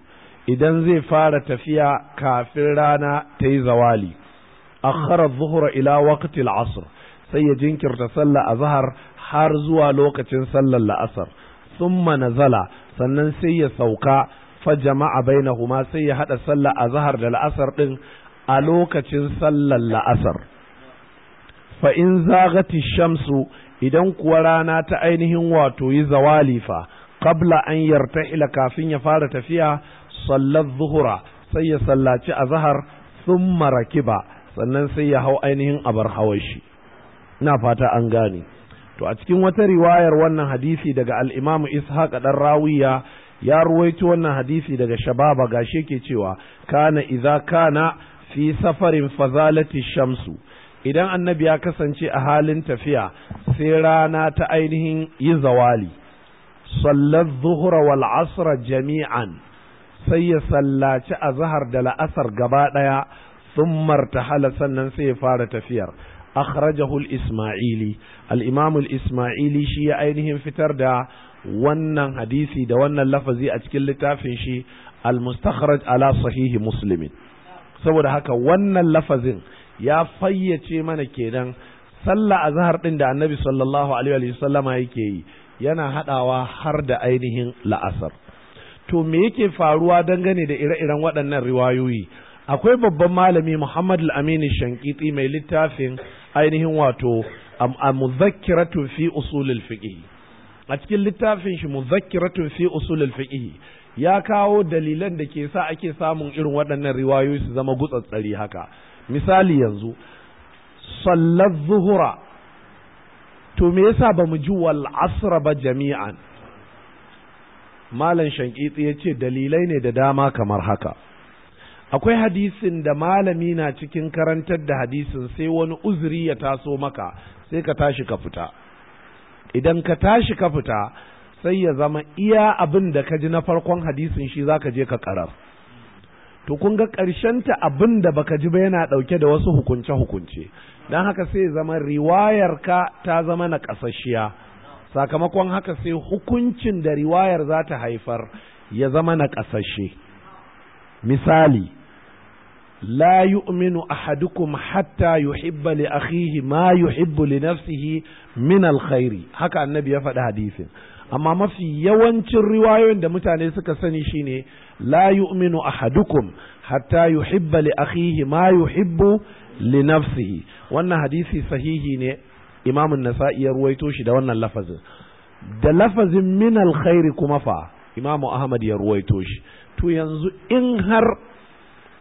idan zai fara tafiya kafin rana ta yi zawali akhara zuhura ila waqtil asr sai ya jinkirta sallah a zahar har zuwa lokacin sallar la'asar thumma zala sannan sai ya sauka fa jama'a bainahuma sai ya haɗa sallah a zahar da la'asar ɗin a lokacin sallar la'asar fa in zagati shamsu idan kuwa rana ta ainihin wato yi zawali fa qabla an ila kafin ya fara tafiya sallar zuhura sai ya sallaci a zahar sun rakiba sannan sai ya hau ainihin abar hawan shi ina fata an gane to a cikin wata riwayar wannan hadisi daga al-Imam Ishaq dan Rawiya ya ruwaito wannan hadisi daga Shababa gashi yake cewa kana idza kana fi safarin fazalati shamsu idan annabi ya kasance a halin tafiya sai rana ta ainihin yi zawali sallar zuhura wal asra jami'an sai ya sallaci azhar da la'asar gaba daya sun hala sannan sai ya fara tafiyar akhrajahu al-isma'ili al-imam ismaili shi ya ainihin fitar da wannan hadisi da wannan lafazi a cikin littafin shi al-mustakhraj ala sahihi muslimin saboda haka wannan lafazin ya fayyace mana kenan sallah azhar ɗin da annabi sallallahu alaihi wa sallama yake yi yana haɗawa har da ainihin la'asar to me yake faruwa dangane da ire-iren waɗannan riwayoyi akwai babban malami Muhammad al-Amini mai littafin ainihin wato muzakkiratu fi usulul fiqh a cikin littafin shi muzakkiratu fi usulul fiqh ya kawo dalilan da ke sa ake samun irin waɗannan riwayoyi su zama gutsatsari haka misali yanzu sallar zuhura to me yasa ba mu ji wal asra ba jami'an malam shankitsi ya ce dalilai ne da dama kamar haka akwai hadisin da malami na cikin karantar da hadisin sai wani uzuri ya taso maka sai ka tashi ka fita idan ka tashi ka fita sai ya zama iya abin da ka ji na farkon hadisin shi za ka je ka karar to kun ga ta abin da baka ji ba yana ɗauke da wasu hukunce-hukunce don haka sai zama riwayar ka ta zama na ƙasashiya sakamakon haka sai hukuncin da riwayar za ta haifar ya zama na ƙasashe misali la yu'minu ahadukum hatta yuhibba li akhihi ma yuhibbu li nafsihi min alkhairi haka annabi ya faɗi hadisin amma mafi yawancin riwayoyin da mutane suka sani shine la yu'minu ahadukum hatta yuhibba li akhihi ma yuhibbu li nafsihi wannan hadisi sahihi ne imamun nasa'i ya ruwaito shi da wannan lafazin da lafazin min alkhairi kuma fa imamu ahmad ya ruwaito shi to yanzu in har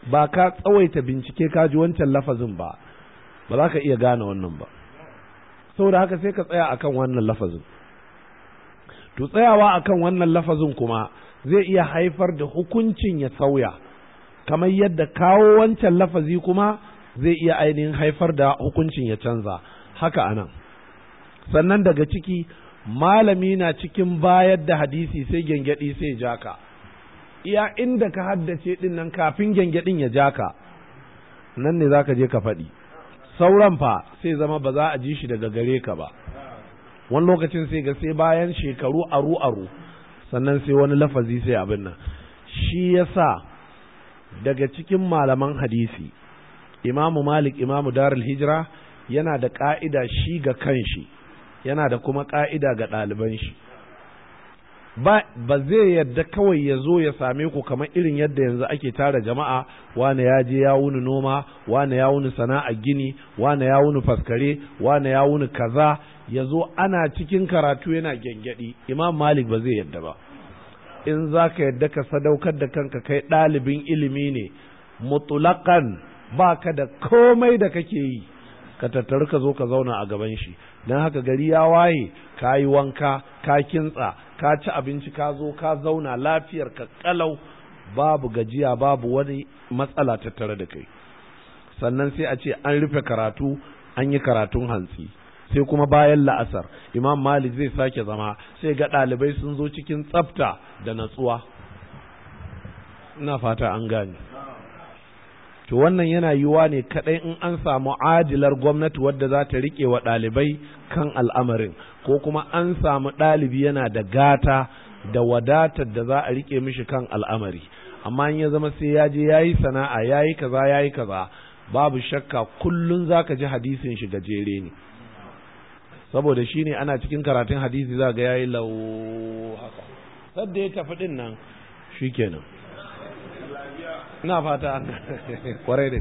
ba ka tsawaita bincike ka ji wancan lafazin ba ba za ka iya gane wannan ba saboda haka sai ka tsaya akan wannan lafazin to tsayawa akan wannan lafazin kuma zai iya haifar da hukuncin ya sauya kamar yadda kawo wancan lafazi kuma zai iya ainihin haifar da hukuncin ya canza haka anan sannan daga ciki malami na cikin bayar da hadisi sai gyangyaɗi sai jaka iya inda ka haddace din nan kafin gyangyaɗin ya ja ka nan ne za ka je ka faɗi sauran fa sai zama ba za a ji shi daga gare ka ba wani lokacin sai ga sai bayan shekaru aru aru sannan sai wani lafazi sai abin nan shi yasa daga cikin malaman hadisi imamu malik imamu darul hijira yana da ka'ida shi ga kanshi yana da kuma ka'ida ga ɗaliban shi ba zai yadda kawai ya zo ya same ku kamar irin yadda yanzu ake tara jama'a wane ya je ya wuni noma wane ya wuni sana'a gini wane ya wuni faskare wane ya wuni kaza ya zo ana cikin karatu yana gyangyaɗi imam malik ba zai yadda ba in za ka yadda ka sadaukar da kanka kai ɗalibin ilimi ne mutulakan ba ka da komai da kake yi ka tattaru ka zo ka zauna a gaban shi don haka gari ya waye ka yi wanka ka kintsa ka ci abinci ka zo ka zauna lafiyar ka kalau babu gajiya babu wani matsala tattare da kai sannan sai a ce an rufe karatu an yi karatun hantsi sai kuma bayan la'asar imam malik zai sake zama sai ga ɗalibai sun zo cikin tsafta da natsuwa ina fata an gane to wannan yana yiwa ne kadai in an samu adilar gwamnati wadda za ta rike wa ɗalibai kan al'amarin ko kuma an samu ɗalibi yana da gata da wadatar da za a riƙe mishi kan al'amari amma in ya zama sai ya je ya yi sana'a ya yi kaza ya yi kaza babu shakka kullum za ka ji hadisin shi gajere ne saboda shine ana cikin karatun hadisi za ga yi lau haka sadda ya tafi ɗin nan shikenan ina fata [laughs] kwarai da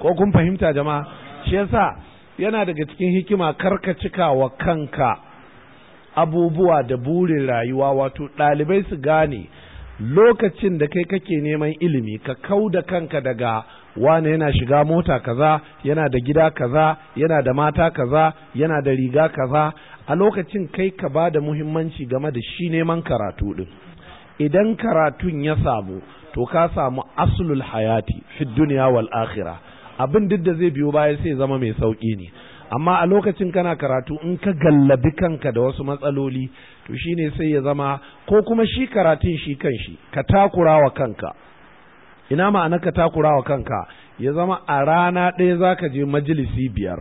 ko kun fahimta jama'a shi yasa yana daga cikin hikima karka cika wa kanka abubuwa da burin rayuwa wato ɗalibai su gane lokacin da kai kake neman ilimi ka kau da kanka daga wane yana shiga mota kaza yana da gida kaza yana da mata kaza yana da riga kaza a lokacin kai ka ba da muhimmanci game da shi neman karatu din idan karatun ya samu to ka samu aslul hayati fi duniya wal akhirah abin duk da zai biyo baya sai zama mai sauƙi ne amma a lokacin kana karatu in ka gallabi kanka da wasu matsaloli to shine sai ya zama ko kuma shi karatun shi kanshi ka takura wa kanka ina ma'ana ka takura wa kanka ya zama a rana ɗaya za ka je majalisi biyar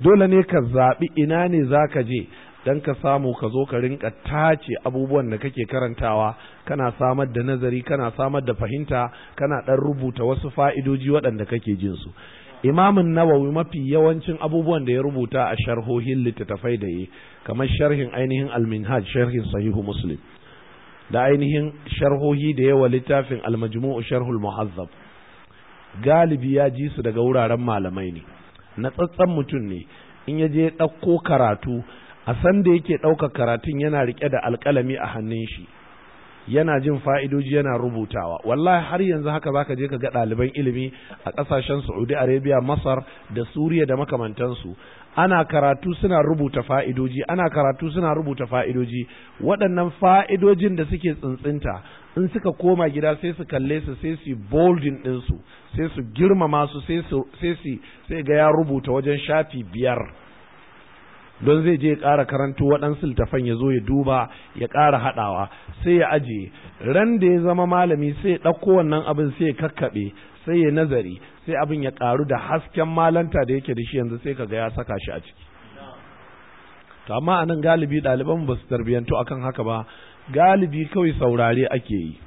dole ne ka zaɓi ina ne za ka je don ka samu ka zo ka rinka tace abubuwan da kake karantawa kana samar da nazari kana samar da fahimta kana dan rubuta wasu fa'idoji waɗanda kake jin su imamin nawawi mafi yawancin abubuwan da ya rubuta a sharhohin littattafai da yi kamar sharhin ainihin alminhaj sharhin sahihu muslim da ainihin sharhohi da yawa littafin almajmu'u sharhul muhazzab galibi ya ji su daga wuraren malamai ne na tsatsan mutum ne in ya je ɗauko karatu a san da yake ɗaukar karatun yana riƙe da alƙalami a hannun shi yana jin fa'idoji yana rubutawa wallahi har yanzu haka zaka je ka ga ɗaliban ilimi a ƙasashen saudi arabia masar da suriya da makamantansu ana karatu suna rubuta fa'idoji ana karatu suna rubuta fa'idoji waɗannan fa'idojin da suke tsintsinta in suka koma gida sai su kalle su sai su boldin ɗinsu sai su girmama su sai su sai ga ya rubuta wajen shafi biyar don zai je ya ƙara karanto waɗansu littafan ya zo ya duba ya ƙara haɗawa sai ya ajiye ran da ya zama malami sai ya ɗauko wannan abin sai ya kakkaɓe sai ya nazari sai abin ya ƙaru da hasken malanta da yake da shi yanzu sai kaga ya saka shi a ciki to amma anan galibi ɗaliban ba su tarbiyyantu akan haka ba galibi kawai saurare ake yi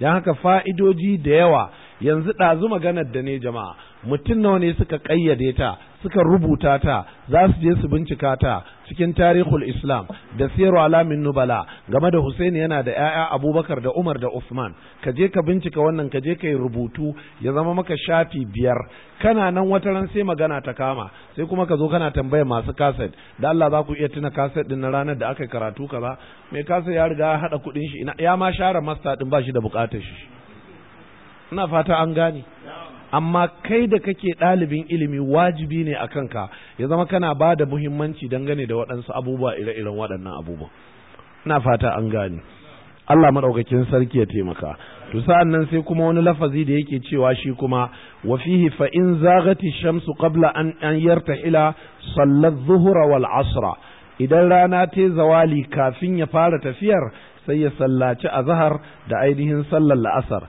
don haka fa'idoji da yawa yanzu ɗazu maganar da ne jama'a mutum nawa ne suka kayyade ta suka rubuta ta za su je su bincika ta cikin tarihul islam da siyaru alamin nubala game da husaini yana da 'ya'ya abubakar da umar da usman ka je ka bincika wannan ka je ka yi rubutu ya zama maka shafi biyar kana nan wata ran sai magana ta kama sai kuma ka zo kana tambayar masu kaset da Allah za ku iya tuna kaset din na ranar da aka karatu ka ba mai kaset ya riga ya haɗa kuɗin shi ya ma share masta din ba shi da bukatar shi ina fata an gane amma kai da kake ɗalibin ilimi wajibi ne a kanka ya zama kana ba da muhimmanci dangane da waɗansu abubuwa ire-iren waɗannan abubuwa na fata an gane Allah maɗaukakin sarki ya taimaka to sa'an nan sai kuma wani lafazi da yake cewa shi kuma wa fihi fa in zagati shamsu qabla an an ila sallat zuhura wal asra idan rana ta zawali kafin ya fara tafiyar sai ya sallaci azhar da ainihin sallar la'asar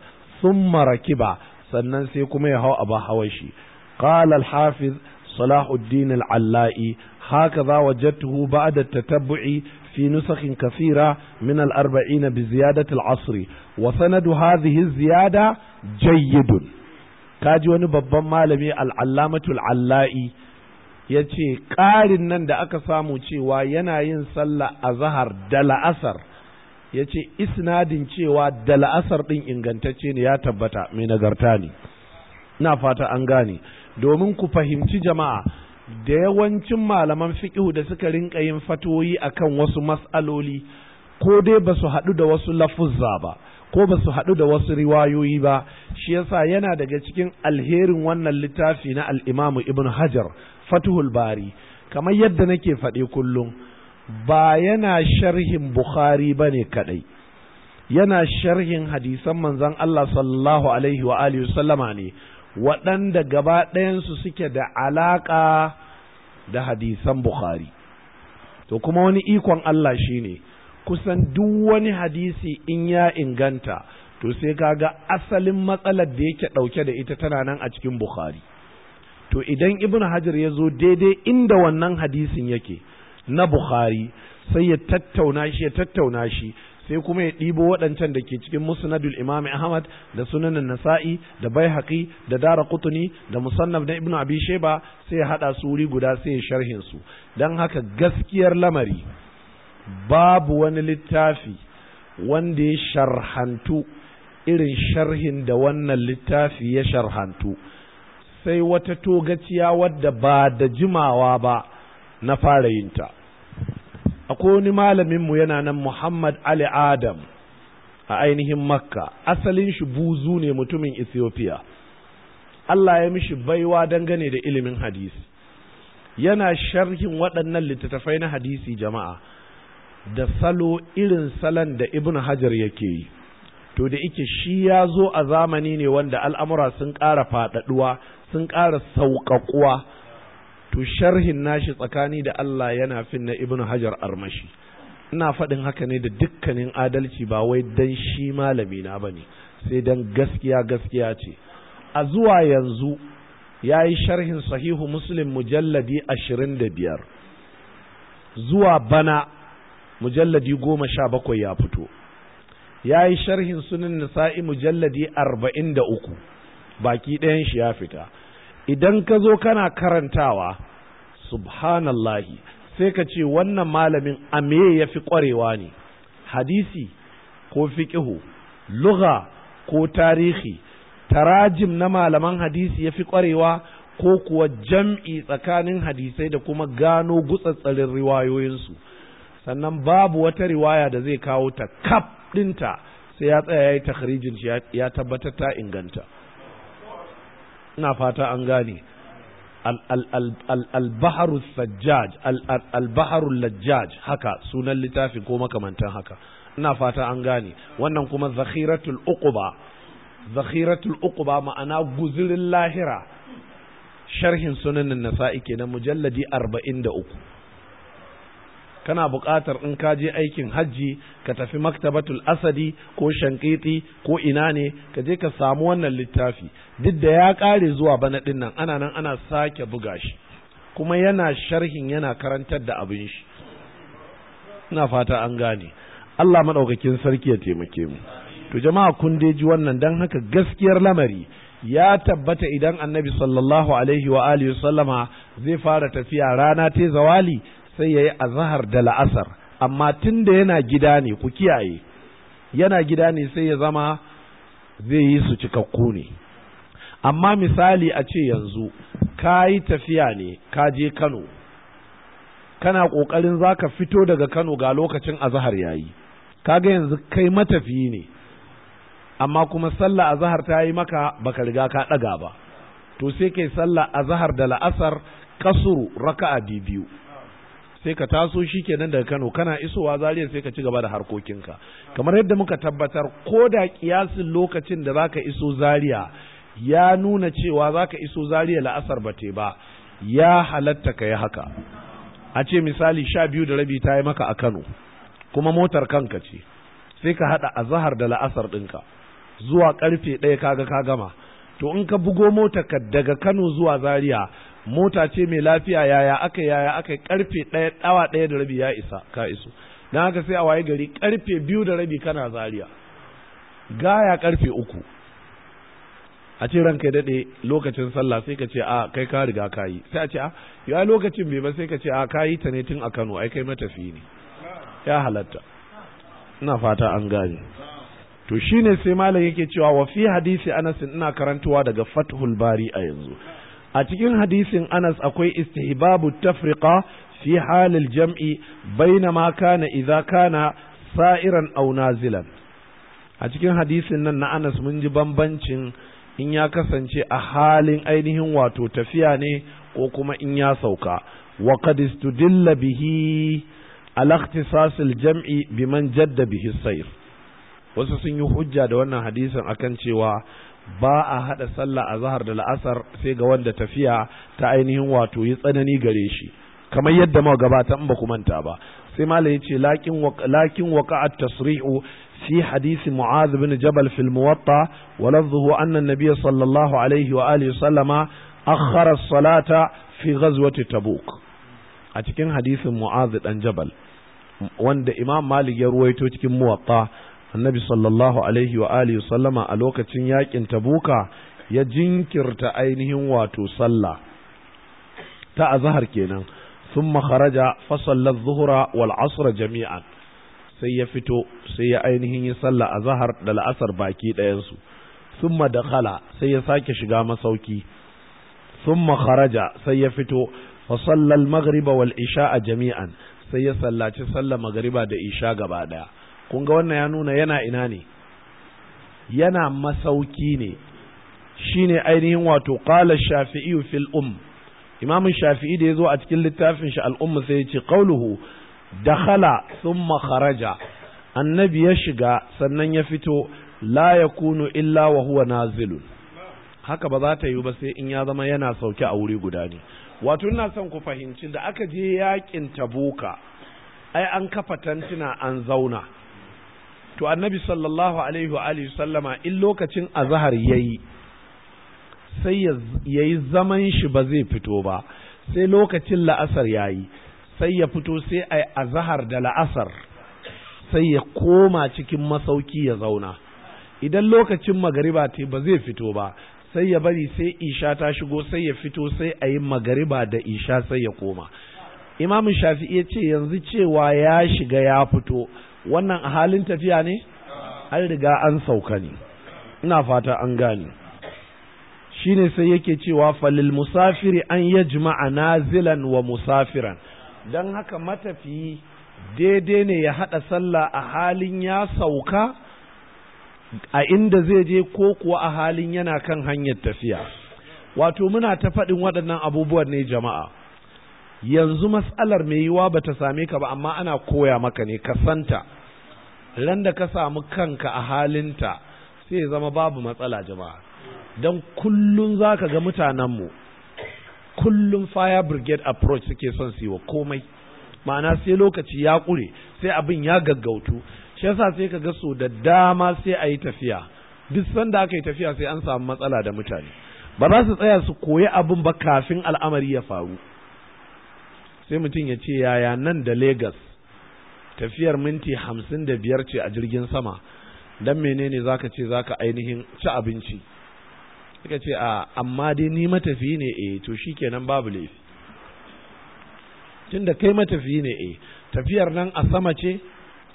mara rakiba sannan sai kuma ya hau abin hawan shi qala al-hafiz salahuddin al-allai hakaza wajadtuhu ba'da tatabbu'i في نسخ كثيرة من الأربعين بزيادة العصر وسند هذه الزيادة جيد kaji wani babban malami al alla'i ya ce ƙarin nan da aka samu cewa yana yin sallah a zahar da la'asar ya ce isnadin cewa da la'asar ɗin ingantacce ne ya tabbata mai nagarta ne na fata an gane domin ku fahimci jama'a da yawancin malaman fiƙihu da suka rinƙa yin fatoyi akan wasu mas'aloli ko dai ba su haɗu da wasu lafuzza ba ko ba su haɗu da wasu riwayoyi ba shi yasa yana daga cikin alherin wannan littafi na al'imamu ibn hajar fatuhul bari kamar yadda nake faɗe kullum ba yana sharhin bukhari ba ne kaɗai yana sharhin hadisan manzan Allah sallallahu alaihi wa alihi sallama ne waɗanda gaba ɗayansu suke da alaƙa da hadisan bukhari to kuma wani ikon Allah shine kusan duk wani hadisi in ya inganta to sai kaga asalin matsalar da yake ɗauke da ita tana nan a cikin bukhari to idan ibn hajar ya zo daidai inda wannan hadisin yake na bukhari sai ya tattauna shi ya tattauna shi sai kuma ya ɗibo waɗancan da ke cikin musnadul imami ahmad da sunanin nasa'i da baihaqi da dara kutuni da musannaf na ibnu abi sheba sai ya haɗa su wuri guda sai ya sharhin su don haka gaskiyar lamari babu wani littafi wanda ya sharhantu irin sharhin da wannan littafi ya sharhantu sai wata togaciya wadda ba da jimawa ba na fara yin ta akwai wani malamin mu yana nan Muhammad Ali Adam a ainihin Makka asalin shi buzu ne mutumin Ethiopia Allah ya mishi baiwa dangane da ilimin hadisi yana sharhin waɗannan littattafai na hadisi jama'a da salo irin salon da Ibn Hajar yake yi to da ike shi ya zo a zamani ne wanda al'amura sun ƙara faɗaɗuwa sun ƙara sauƙaƙuwa to sharhin nashi tsakani da Allah yana fin na Ibn hajar armashi ina faɗin haka ne da dukkanin adalci ba wai dan shi malami na bane sai dan gaskiya gaskiya ce a zuwa yanzu ya yi sharhin sahihu muslim mujalladi ashirin da biyar zuwa bana mujalladi goma sha bakwai ya fito ya yi sharhin sunan nisa'i mujalladi arba'in da uku baki ɗayan shi ya fita idan ka zo kana karantawa subhanallahi sai ka ce wannan malamin a me ya fi ƙwarewa ne hadisi ko fiƙihu lugha ko tarihi tarajim na malaman hadisi ya fi ƙwarewa ko kuwa jam'i tsakanin hadisai da kuma gano gutsatsarin riwayoyinsu sannan babu wata riwaya da zai kawo ta kaf ɗinta sai ya tsaya ya yi shi ya tabbatar ta inganta ina fata an gane al-baharu sajjaj al-baharu lajjaj haka sunan littafin ko makamantan haka ina fata an gane wannan kuma zakhiratul uquba zakhiratul uquba ma'ana guzurin lahira sharhin sunanin nasa'i kenan mujalladi 43 kana buƙatar in ka je aikin hajji ka tafi maktabatul asadi ko shankiti ko ina ne ka je ka samu wannan littafi duk da ya ƙare zuwa bana ɗin nan ana nan ana sake buga shi kuma yana sharhin yana karantar da abin shi ina fata an gane Allah maɗaukakin sarki ya taimake mu to jama'a kun dai ji wannan dan haka gaskiyar lamari ya tabbata idan annabi sallallahu alaihi wa alihi sallama zai fara tafiya rana ta zawali sai ya yi azahar da la'asar amma tun da yana gida ne ku kiyaye yana gida ne sai ya zama zai yi su cikakku ne amma misali a ce yanzu ka yi tafiya ne ka je kano kana ƙoƙarin za ka fito daga kano ga lokacin azahar yayi kaga yanzu kai matafiyi ne amma kuma sallah azahar ta yi maka baka riga ka ɗaga ba to sai kai sallah azahar da la'asar kasuru raka'a biyu sai ka taso shi kenan daga Kano kana isowa Zaria sai ka ci gaba da harkokinka kamar yadda muka tabbatar ko da kiyasin lokacin da zaka iso Zaria ya nuna cewa zaka iso Zaria la'asar ba te ba ya halatta ka yi haka a ce misali sha biyu da rabi ta yi maka a Kano kuma motar kanka ce sai ka haɗa azahar da la'asar ɗinka zuwa ƙarfe ɗaya kaga ka gama to in ka bugo motar ka daga Kano zuwa Zariya. mota ce mai lafiya yaya aka yaya aka karfe ɗaya ɗawa ɗaya da rabi ya isa ka iso na haka sai a waye gari karfe biyu da rabi kana zaria gaya karfe uku a ce ranka ya daɗe lokacin sallah sai ka ce a kai ka riga ka yi sai a ce a ya lokacin bai ba sai ka ce a ka yi ta ne tun a kano ai kai matafi ne ya halatta ina fata an gane to shine sai malam yake cewa wa fi hadisi anas ina karantuwa daga fathul bari a yanzu a cikin hadisin Anas akwai istihbabu tafriqa fi halil jam'i ma kana idza kana sa'iran aw nazilan a cikin hadisin nan na Anas mun ji bambancin in ya kasance a halin ainihin wato tafiya ne ko kuma in ya sauka wa qad istudilla bihi ala ikhtisas jami biman jadda bihi sayr wasu sun yi hujja da wannan hadisin akan cewa ba a haɗa sallah a zahar da la'asar sai ga wanda tafiya ta ainihin wato yi tsanani gare shi kamar yadda ma gabata in ba ku manta ba sai malam ce lakin lakin waqa'at tasri'u fi hadisi mu'adh bin jabal fil muwatta wa anna an-nabiy sallallahu alaihi wa alihi sallama akhara as-salata fi ghazwati tabuk a cikin hadisin mu'adh dan jabal wanda imam malik ya ruwaito cikin muwatta annabi sallallahu alaihi wa alihi sallama a lokacin yakin tabuka ya jinkirta ainihin wato sallah ta azhar kenan thumma kharaja fa salla adh-dhuhra wal 'asr jami'an sai ya fito sai ya ainihin yi sallah azhar da la'asar baki ɗayan su thumma dakhala sai ya sake shiga masauki thumma kharaja sai ya fito fa salla al-maghriba wal jami'an sai ya sallaci sallah magriba da isha gaba ɗaya. kun ga wannan ya nuna yana ina ne yana masauki ne shine ainihin wato qala shafi'i fil um imam shafi'i da yazo a cikin littafin shi al'umma sai ya ce qauluhu dakhala sun kharaja annabi ya shiga sannan ya fito la yakunu illa wa huwa nazilun haka ba za ta yiwu ba sai in ya zama yana sauke a wuri guda ne wato ina son ku fahimci da aka je yakin tabuka ai an kafa tantuna an zauna to annabi sallallahu alaihi wa alihi sallama in lokacin azhar yayi sai yayi zaman shi ba zai fito ba sai lokacin la'asar yayi sai ya fito sai ai azhar da la'asar sai ya koma cikin masauki ya zauna idan lokacin magariba te ba zai fito ba sai ya bari sai isha ta shigo sai ya fito sai ayi yi magariba da isha sai ya koma imam shafi'i ya ce yanzu cewa ya shiga ya fito wannan a halin tafiya ne an riga an sauka ne ina fata an gane shine sai yake cewa falil musafiri an na nazilan wa musafiran don haka matafiyi daidai ne ya haɗa sallah a halin ya sauka a inda zai je ko kuwa a halin yana kan hanyar tafiya wato muna ta faɗin waɗannan abubuwan ne jama'a yanzu matsalar mai yiwa ba ta same ka ba amma ana koya maka ne ka santa ran da ka samu kanka a halinta sai zama babu matsala jama'a don kullum za ka ga mutanenmu kullum fire brigade approach suke son su yi wa komai ma'ana sai lokaci ya ƙure sai abin ya gaggautu shi yasa sai ka ga so da dama sai a yi tafiya duk sanda aka yi tafiya sai an samu matsala da mutane ba za su tsaya su koyi abin ba kafin al'amari ya faru sai mutum ya ce yaya nan da Legas tafiyar minti hamsin da biyar ce a jirgin sama dan menene zaka ce zaka ainihin ci abinci suka ce a amma dai ni matafi ne e to shikenan babu laifi tunda kai matafi ne e tafiyar nan a sama ce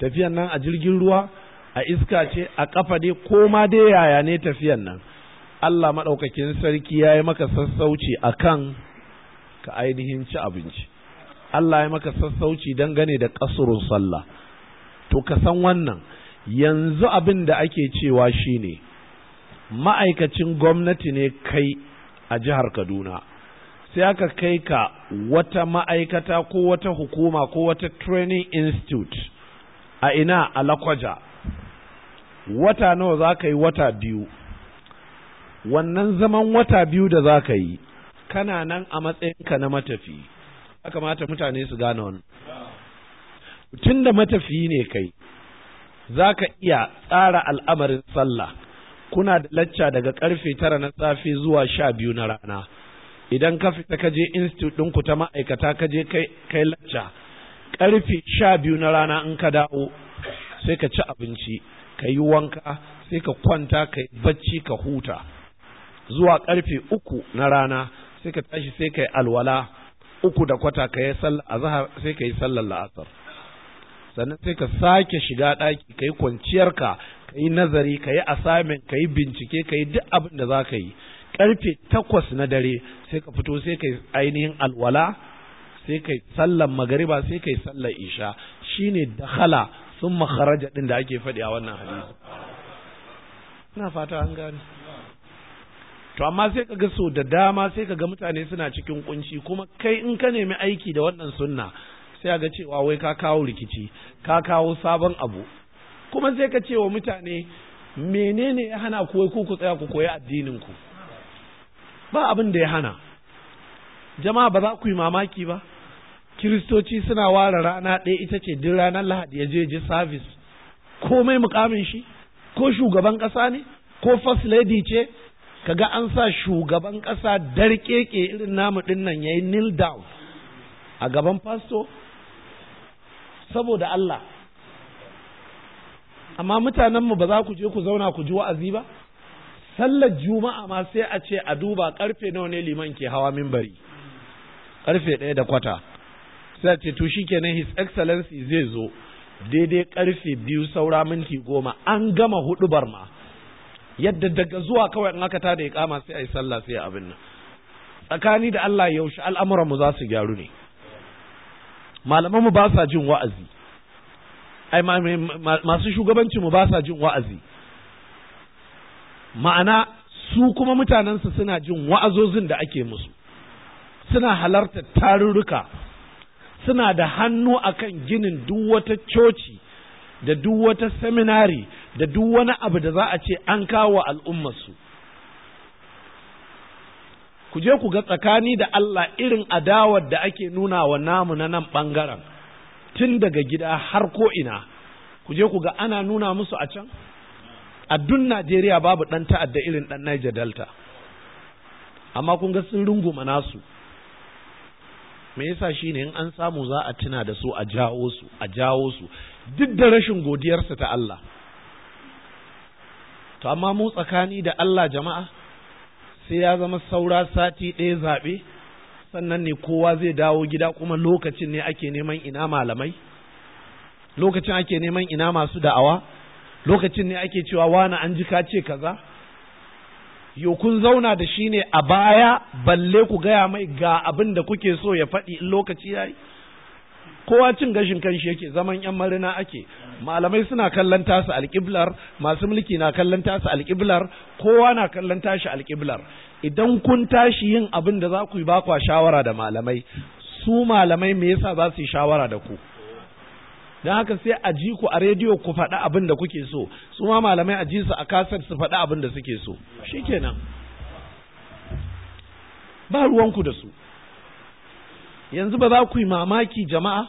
tafiyar nan a jirgin ruwa a iska ce a kafa dai ko ma dai yaya ne tafiyar nan Allah maɗaukakin sarki ya yi maka sassauci a kan ka ainihin ci abinci Allah ya maka sassauci dangane da kasurun sallah to ka san wannan yanzu abin da ake cewa shi ne ma'aikacin gwamnati ne kai a jihar Kaduna sai aka kai ka wata ma'aikata ko wata hukuma ko wata training institute a ina a lakwaja wata nawa za ka yi wata biyu wannan zaman wata biyu da za ka yi kana nan a matsayinka na matafi ya kamata mutane su gane wannan tun da matafiyi ne kai za ka iya tsara al'amarin sallah kuna da lacca daga karfe tara na safe zuwa sha biyu na rana idan ka fita kaje je institute ɗinku ta ma'aikata ka je kai lacca karfe sha biyu na rana in ka dawo sai ka ci abinci ka yi wanka sai ka kwanta ka yi bacci ka huta zuwa karfe uku na rana sai ka tashi sai ka yi alwala uku da kwata ka yi sallar sai ka yi sallar la'asar sannan sai ka sake shiga ɗaki ka yi kwanciyarka ka yi nazari ka yi asamin ka yi bincike ka yi duk abin da za ka yi karfe takwas na dare sai ka fito sai ka yi ainihin alwala sai ka yi sallar magariba sai ka yi sallar isha shine dakhala sun makaraja ɗin da ake faɗi a wannan hadisi ina fata an gane to amma sai ka ga so da dama sai ka ga mutane suna cikin kunci kuma kai in ka nemi aiki da wannan sunna sai ga cewa wai ka kawo rikici ka kawo sabon abu kuma sai ka cewa mutane menene ya hana ku wai ku ku tsaya ku koyi addinin ku ba abin da ya hana jama'a ba za ku yi mamaki ba kiristoci suna ware rana ɗaya ita ce duk ranar lahadi ya je je service komai mukamin shi ko shugaban ƙasa ne ko first lady ce kaga an sa shugaban ƙasa darkeke irin namu ɗin nan ya yi kneel down a gaban fasto saboda Allah amma mutanenmu ba za ku je ku zauna ku ji wa'azi ba sallar juma'a ma sai a ce a duba karfe nawa ne liman ke hawa minbari karfe ɗaya da kwata sai a ce to shikenan his excellency zai zo daidai karfe biyu saura minti goma an gama hudu ma. yadda daga zuwa kawai in aka tada iqama sai ayi sallah sai abin nan tsakani da Allah yaushe al'amuran mu za su gyaru ne malaman mu ba sa jin wa'azi ai masu shugabanci mu ba sa jin wa'azi ma'ana su kuma mutanensu suna jin wa'azozin da ake musu suna halartar tarurruka suna da hannu akan ginin duk wata coci da duk wata seminari da duk wani abu da za a ce an kawo al'ummarsu ku je ku ga tsakani da Allah irin adawar da ake nuna wa namu na nan ɓangaren tun daga gida har ko ina ku je ku ga ana nuna musu a can a dun Najeriya babu ɗan ta'adda irin ɗan Niger Delta amma kun ga sun runguma nasu me yasa shine in an samu za a tuna da su a jawo su a jawo su duk da rashin godiyarsa ta Allah to amma mu tsakani da Allah jama'a sai ya zama saura sati ɗaya zaɓe sannan ne kowa zai dawo gida kuma lokacin ne ake neman ina malamai lokacin ake neman ina masu da'awa lokacin ne ake cewa wani an ji ka ce kaza yo kun zauna da shi ne a baya balle ku gaya mai ga abin da kuke so ya faɗi in lokaci yi? kowa cin gashin kanshi yake zaman yan marina ake malamai suna kallon tasu alƙiblar masu mulki na kallon tasu alƙiblar kowa na kallon tashi alƙiblar idan kun tashi yin abin da za ku yi ba kwa shawara da malamai su malamai me yasa za su yi shawara da ku don haka sai a ji ku a rediyo ku faɗi abin da kuke so su ma malamai a ji su a kasar su faɗi abin da suke so shikenan ba ruwanku da su yanzu ba za ku yi mamaki jama'a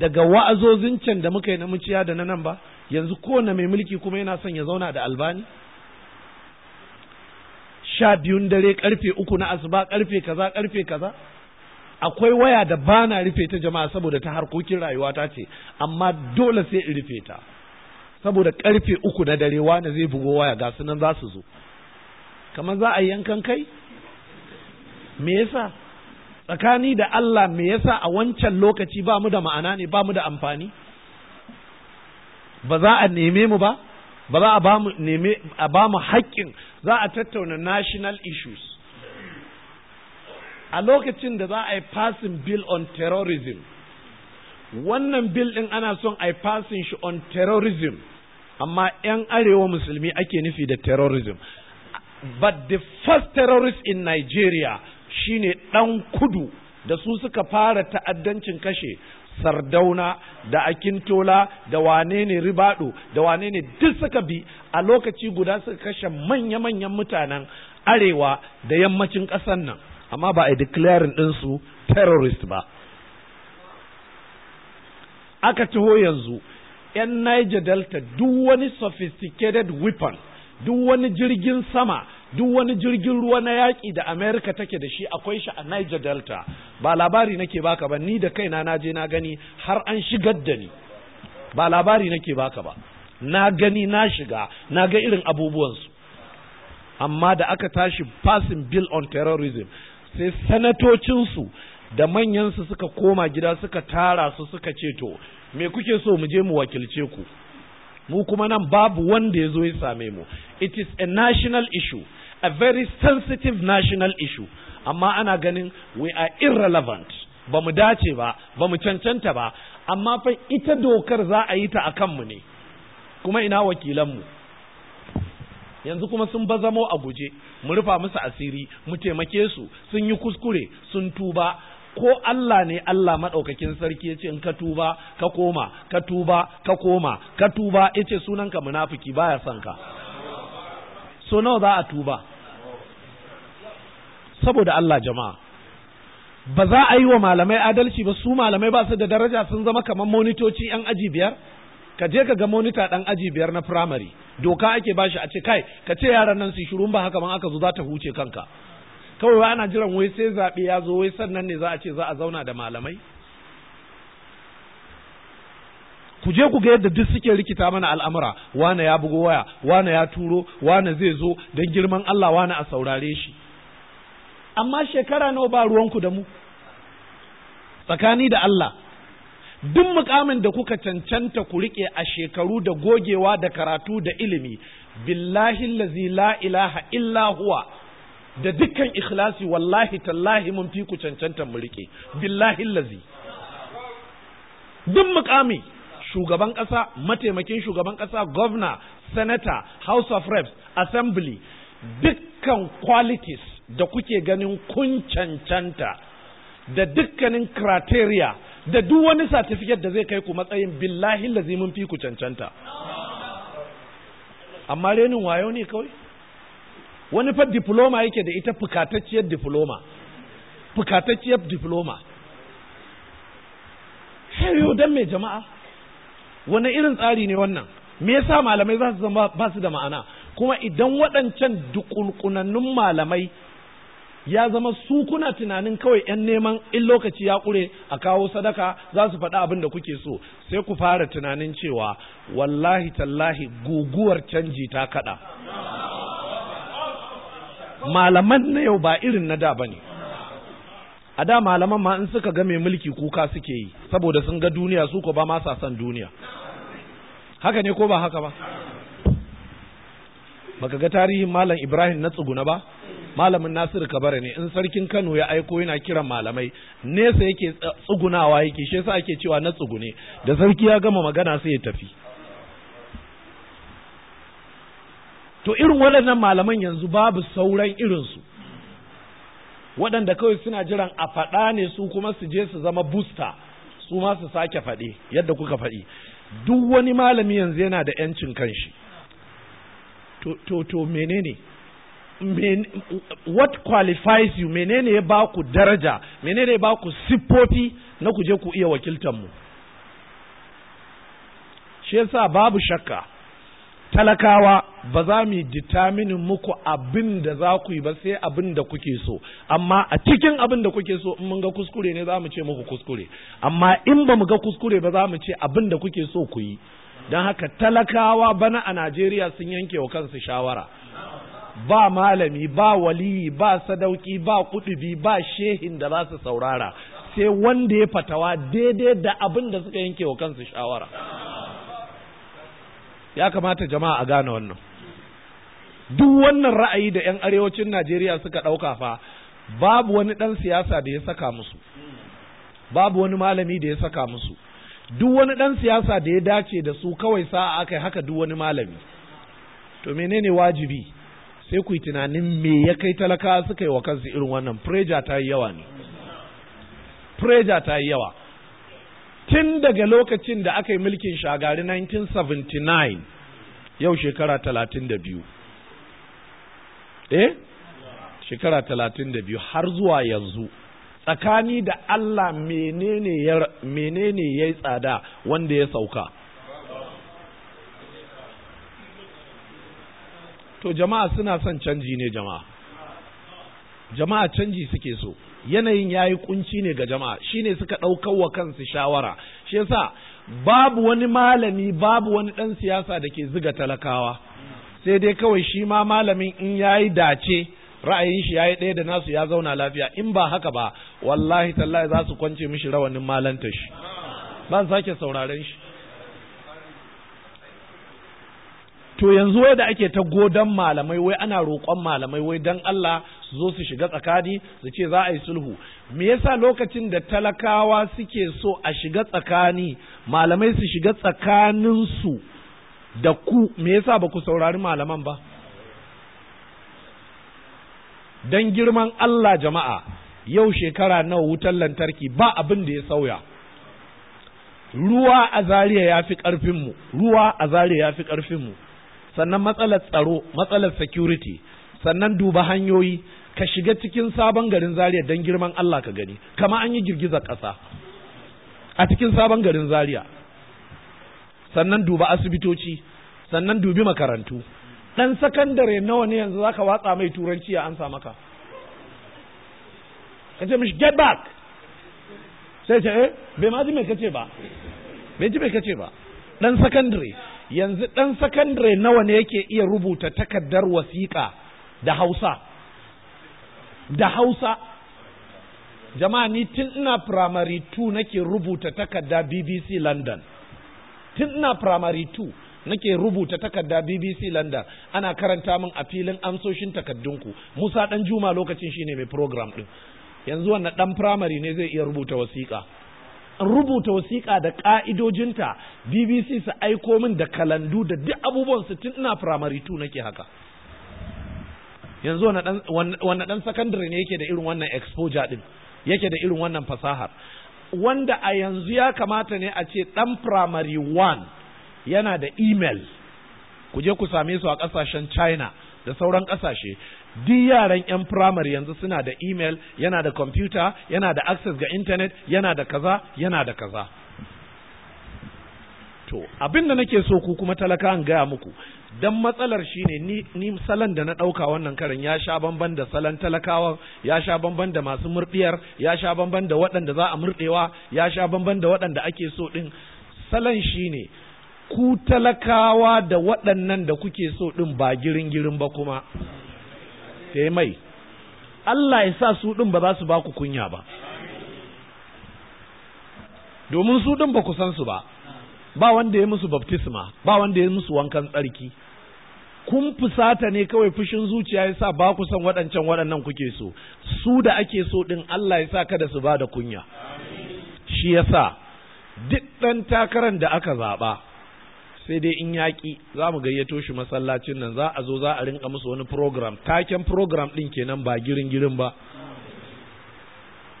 daga wa'azozin can da muka yi na muciya da na nan ba yanzu kowane mai mulki kuma yana son ya zauna da albani sha biyun dare karfe uku na asuba karfe kaza karfe kaza akwai waya da bana rufe ta jama'a saboda ta harkokin rayuwata ce amma dole sai in rufe ta saboda karfe uku na dare wani zai bugo waya ga su nan za su zo kamar za a yankan kai me yasa tsakani da Allah me yasa a wancan lokaci ba mu da ma'ana ne ba mu da amfani ba za a neme mu ba ba za a ba mu neme a ba haƙƙin za a tattauna national issues a lokacin da za a yi passing bill on terrorism wannan bill ɗin ana son a yi passing shi on terrorism amma 'yan arewa musulmi ake nufi da terrorism but the first terrorist in Nigeria shine ɗan kudu da su suka fara ta'addancin kashe sardauna da akintola da wane ne ribado da wane ne duk suka bi a lokaci guda suka kashe manya-manyan mutanen arewa da yammacin ƙasar nan amma ba a declaring ɗinsu terrorist ba aka taho yanzu 'yan niger delta duk wani sophisticated weapon duk wani jirgin sama duk wani jirgin ruwa na yaƙi da Amerika take da shi akwai shi a Niger Delta ba labari nake baka ba ni da kaina na je na gani har an shigar da ni ba labari nake baka ba na gani na shiga na ga irin abubuwansu amma da aka tashi passing bill on terrorism sai sanatocinsu da manyansu suka koma gida suka tara su suka ce to me kuke so mu je mu wakilce ku mu kuma nan babu wanda ya zo ya same mu it is a national issue a very sensitive national issue amma ana ganin we are irrelevant ba mu dace ba ba mu cancanta ba amma fa ita dokar za a yi ta a kanmu ne kuma ina wakilanmu yanzu kuma sun bazamo a guje mu rufa musu asiri mu taimake su sun yi kuskure sun tuba ko Allah ne Allah maɗaukakin sarki ce in ka tuba ka koma ka tuba ka koma ka tuba ce sunanka munafiki baya son ka so nawa za a tuba saboda Allah jama'a ba za a yi wa malamai adalci ba su malamai ba su da daraja sun zama kamar monitoci yan aji biyar ka je ka ga monita dan aji biyar na firamare. doka ake bashi a ce kai ka ce yaran nan su shirun ba haka man aka zo za ta huce kanka kawai ana jiran wai sai zaɓe ya zo wai sannan ne za a ce za a zauna da malamai ku je ku ga yadda duk suke rikita mana al'amura wane ya bugo waya wane ya turo wane zai zo don girman Allah wane a saurare shi amma shekara nawa ba ruwanku da mu tsakani da Allah duk mukamin da kuka cancanta ku riƙe a shekaru da gogewa da karatu da ilimi billahi allazi la ilaha illa huwa da dukkan ikhlasi wallahi tallahi mun fi ku cancantar mu rike billahi lazi duk mukami shugaban ƙasa mataimakin shugaban ƙasa governor senator house of reps assembly dukkan qualities da kuke ganin kun cancanta da dukkanin criteria da duk wani certificate da zai kai ku matsayin billahi lazi mun fi ku cancanta amma renin wayo ne kawai wani fa diploma yake da ita fukatacciyar diploma fukatacciyar diploma yau dan mai jama'a wani irin tsari ne wannan me yasa malamai za su zama ba su da ma'ana kuma idan waɗancan dukulkunannun malamai ya zama su kuna tunanin kawai 'yan neman in lokaci ya ƙure a kawo sadaka za su faɗi abin da kuke so sai ku fara tunanin cewa wallahi tallahi guguwar canji ta kaɗa malaman na yau ba irin na da bane a da malaman ma in suka ga mai mulki kuka suke yi saboda sun ga duniya su ko ba ma sa son duniya haka ne ko ba haka ba baka ga tarihin malam Ibrahim na tsuguna ba malamin Nasiru Kabara ne in sarkin Kano ya aiko yana kiran malamai nesa yake tsugunawa yake shi yasa ake cewa na tsugune da sarki ya gama magana sai ya tafi to irin waɗannan malaman yanzu babu sauran irinsu waɗanda kawai suna jiran a faɗa ne su kuma su je su zama busta su ma su sake faɗi yadda kuka faɗi duk wani malami yanzu yana da ‘yancin kanshi to to, to menene what qualifies you menene ya ba ku daraja menene ya ba ku siffofi na ku je ku iya wakiltar mu shi yasa babu shakka talakawa ba za mu ditaminin muku abin da za ku yi ba sai abin da kuke so amma a cikin abin da kuke so in mun ga kuskure ne za mu ce muku kuskure amma in ba mu ga kuskure ba za mu ce abin da kuke so ku yi don haka talakawa bana a Najeriya sun yanke wa kansu shawara ba malami ba waliyi ba sadauki ba kudubi ba shehin da za su saurara sai wanda ya fatawa daidai da abin da suka yanke wa kansu shawara ya kamata jama'a a gane wannan duk wannan ra'ayi da 'yan arewacin najeriya suka ɗauka fa babu wani ɗan siyasa da ya saka musu babu wani malami da ya saka musu duk wani ɗan siyasa da ya dace da su kawai sa'a aka yi haka duk wani malami to menene wajibi sai ku yi tunanin me ya kai talaka suka yi wa kansu irin wannan preja ta yi yawa ne preja ta yi yawa tun daga lokacin da aka yi mulkin shagari 1979 yau shekara 32 eh shekara 32 har zuwa yanzu tsakani da Allah menene ya menene yayi tsada wanda ya sauka to jama'a suna son canji ne jama'a jama'a canji suke so yanayin ya yi kunci ne ga jama'a shi ne suka ɗaukar wa kansu shawara shi yasa babu wani malami babu wani ɗan siyasa da ke ziga talakawa sai dai kawai shi ma malamin in ya yi dace ra'ayin shi ya yi ɗaya da nasu ya zauna lafiya in ba haka ba wallahi tallahi za su kwance mishi rawanin malanta shi ba sake sauraren shi to yanzu wai da ake ta godon malamai wai ana roƙon malamai wai don Allah su zo su shiga tsakani su ce za a yi sulhu me yasa lokacin da talakawa suke so a shiga tsakani malamai su shiga tsakaninsu da ku me yasa ba ku saurari malaman ba dan girman Allah jama'a yau shekara nawa wutar lantarki ba abin da ya sauya ruwa a zariya ya fi ƙarfinmu ruwa a zariya ya fi ƙarfinmu sannan matsalar tsaro matsalar security sannan duba hanyoyi ka shiga cikin sabon garin Zariya don girman Allah ka gani kama an yi girgizar ƙasa a cikin sabon garin Zariya sannan duba asibitoci sannan dubi makarantu dan sakandare nawa ne yanzu za ka watsa mai turanci ya ansa maka Ka ce mishi get back sai ce eh bai ma ji mai kace ba bai ji mai kace ba dan sakandare yanzu dan sakandare nawa ne yake iya rubuta takardar wasiƙa da Hausa da hausa jama'a ni tun ina primary 2 nake rubuta takarda bbc london tun ina primary 2 nake rubuta takarda bbc london ana karanta min a filin amsoshin takardunku musa dan juma lokacin shine mai program din yanzu wannan dan primary ne zai iya rubuta wasiƙa rubuta wasiƙa da ƙa'idojinta bbc su aiko min da kalandu da duk abubuwan su tun ina primary 2 nake haka yanzu wani dan sakandare ne yake da irin wannan exposure din yake da irin wannan fasahar wanda a yanzu ya kamata ne a ce dan primary one yana da email ku je ku same su a kasashen china da sauran kasashe duk yaran yan primary yanzu suna da email yana da computer yana da access ga internet yana da kaza yana da kaza to abin da nake so ku kuma talaka an gaya muku dan matsalar shine ni ni salon da na dauka wannan karin ya sha bamban da salon talakawa ya sha bamban da masu murdiyar ya sha bamban da waɗanda za a murdewa ya sha bamban da waɗanda ake so din salon shine ku talakawa da waɗannan da kuke so din ba girin girin ba kuma sai mai Allah ya sa su din ba za su ba ku kunya ba domin su din ba ku san su ba ba wanda ya musu baptisma ba wanda ya musu wankan tsarki kun fusata ne kawai fushin zuciya ya sa ba ku son waɗancan waɗannan kuke so su da ake so ɗin Allah ya sa kada su ba da kunya shi ya sa duk ɗan takarar da aka zaɓa sai dai in yaƙi za mu gayyato shi masallacin nan za a zo za a rinka musu wani program taken program ɗin kenan ba girin girin ba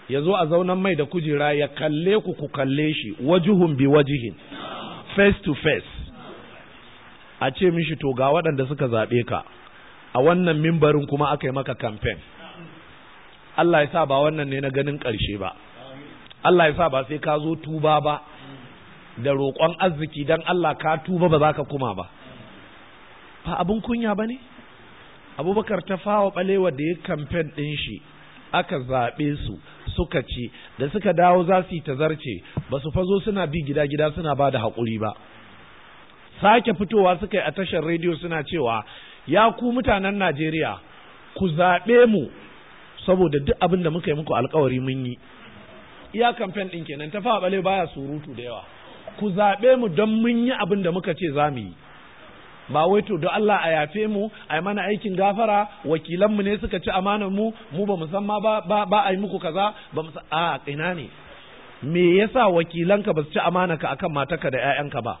ya zo a zaunan mai da kujera ya kalle ku ku kalle shi wajuhun bi wajihin face to face a ce mishi to ga waɗanda suka zaɓe ka a wannan mimbarin kuma aka yi maka kamfen. Allah ya sa ba wannan ne na ganin ƙarshe ba Allah ya sa ba sai ka zo tuba ba da roƙon arziki don Allah ka tuba ba za ka kuma ba ba abin kunya ba ne abubakar ta fawa ɓalewa da ya kamfen ɗin shi aka zaɓe su suka ce da suka dawo za su yi ta zarce ba su fazo suna bi gida-gida suna ba da haƙuri ba sake fitowa suka yi a tashar rediyo suna cewa ya ku mutanen najeriya ku zaɓe mu saboda duk abin da muka yi muku alkawari mun yi iya kamfen ɗin kenan ta fa baya surutu da yawa ku zaɓe mu don mun yi abin da muka ce za mu yi ba wai to da Allah a yafe mu a yi mana aikin gafara wakilanmu ne suka ci amanar mu mu ba mu san ma ba ba a yi muku kaza ba mu a ina ne me yasa wakilanka ba su ci ka akan matarka da 'ya'yanka ba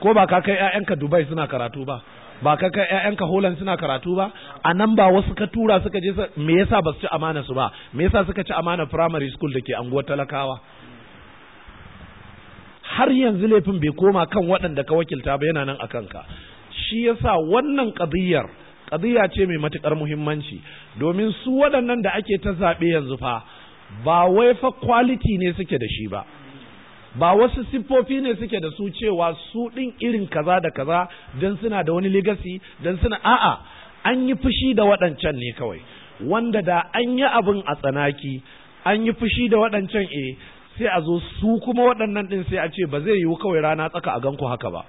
ko ba ka kai 'ya'yanka Dubai suna karatu ba ba ka kai 'ya'yanka Holland suna karatu ba a nan ba wasu ka tura suka je me yasa ba su ci amana su ba me yasa suka ci amana primary school da ke anguwar talakawa har yanzu laifin bai koma kan waɗanda ka wakilta ba yana nan a kanka shi yasa wannan ƙadiyar ƙadiyya ce mai matuƙar muhimmanci domin su waɗannan da ake ta zaɓe yanzu fa ba wai fa kwaliti ne suke da shi ba ba wasu siffofi ne suke da su cewa su ɗin irin kaza da kaza don suna da wani legacy don suna a'a an yi fushi da waɗancan ne kawai wanda da an yi abin a tsanaki an yi fushi da waɗancan e sai a zo su kuma waɗannan ɗin sai a ce ba zai yiwu kawai rana tsaka a ganku haka ba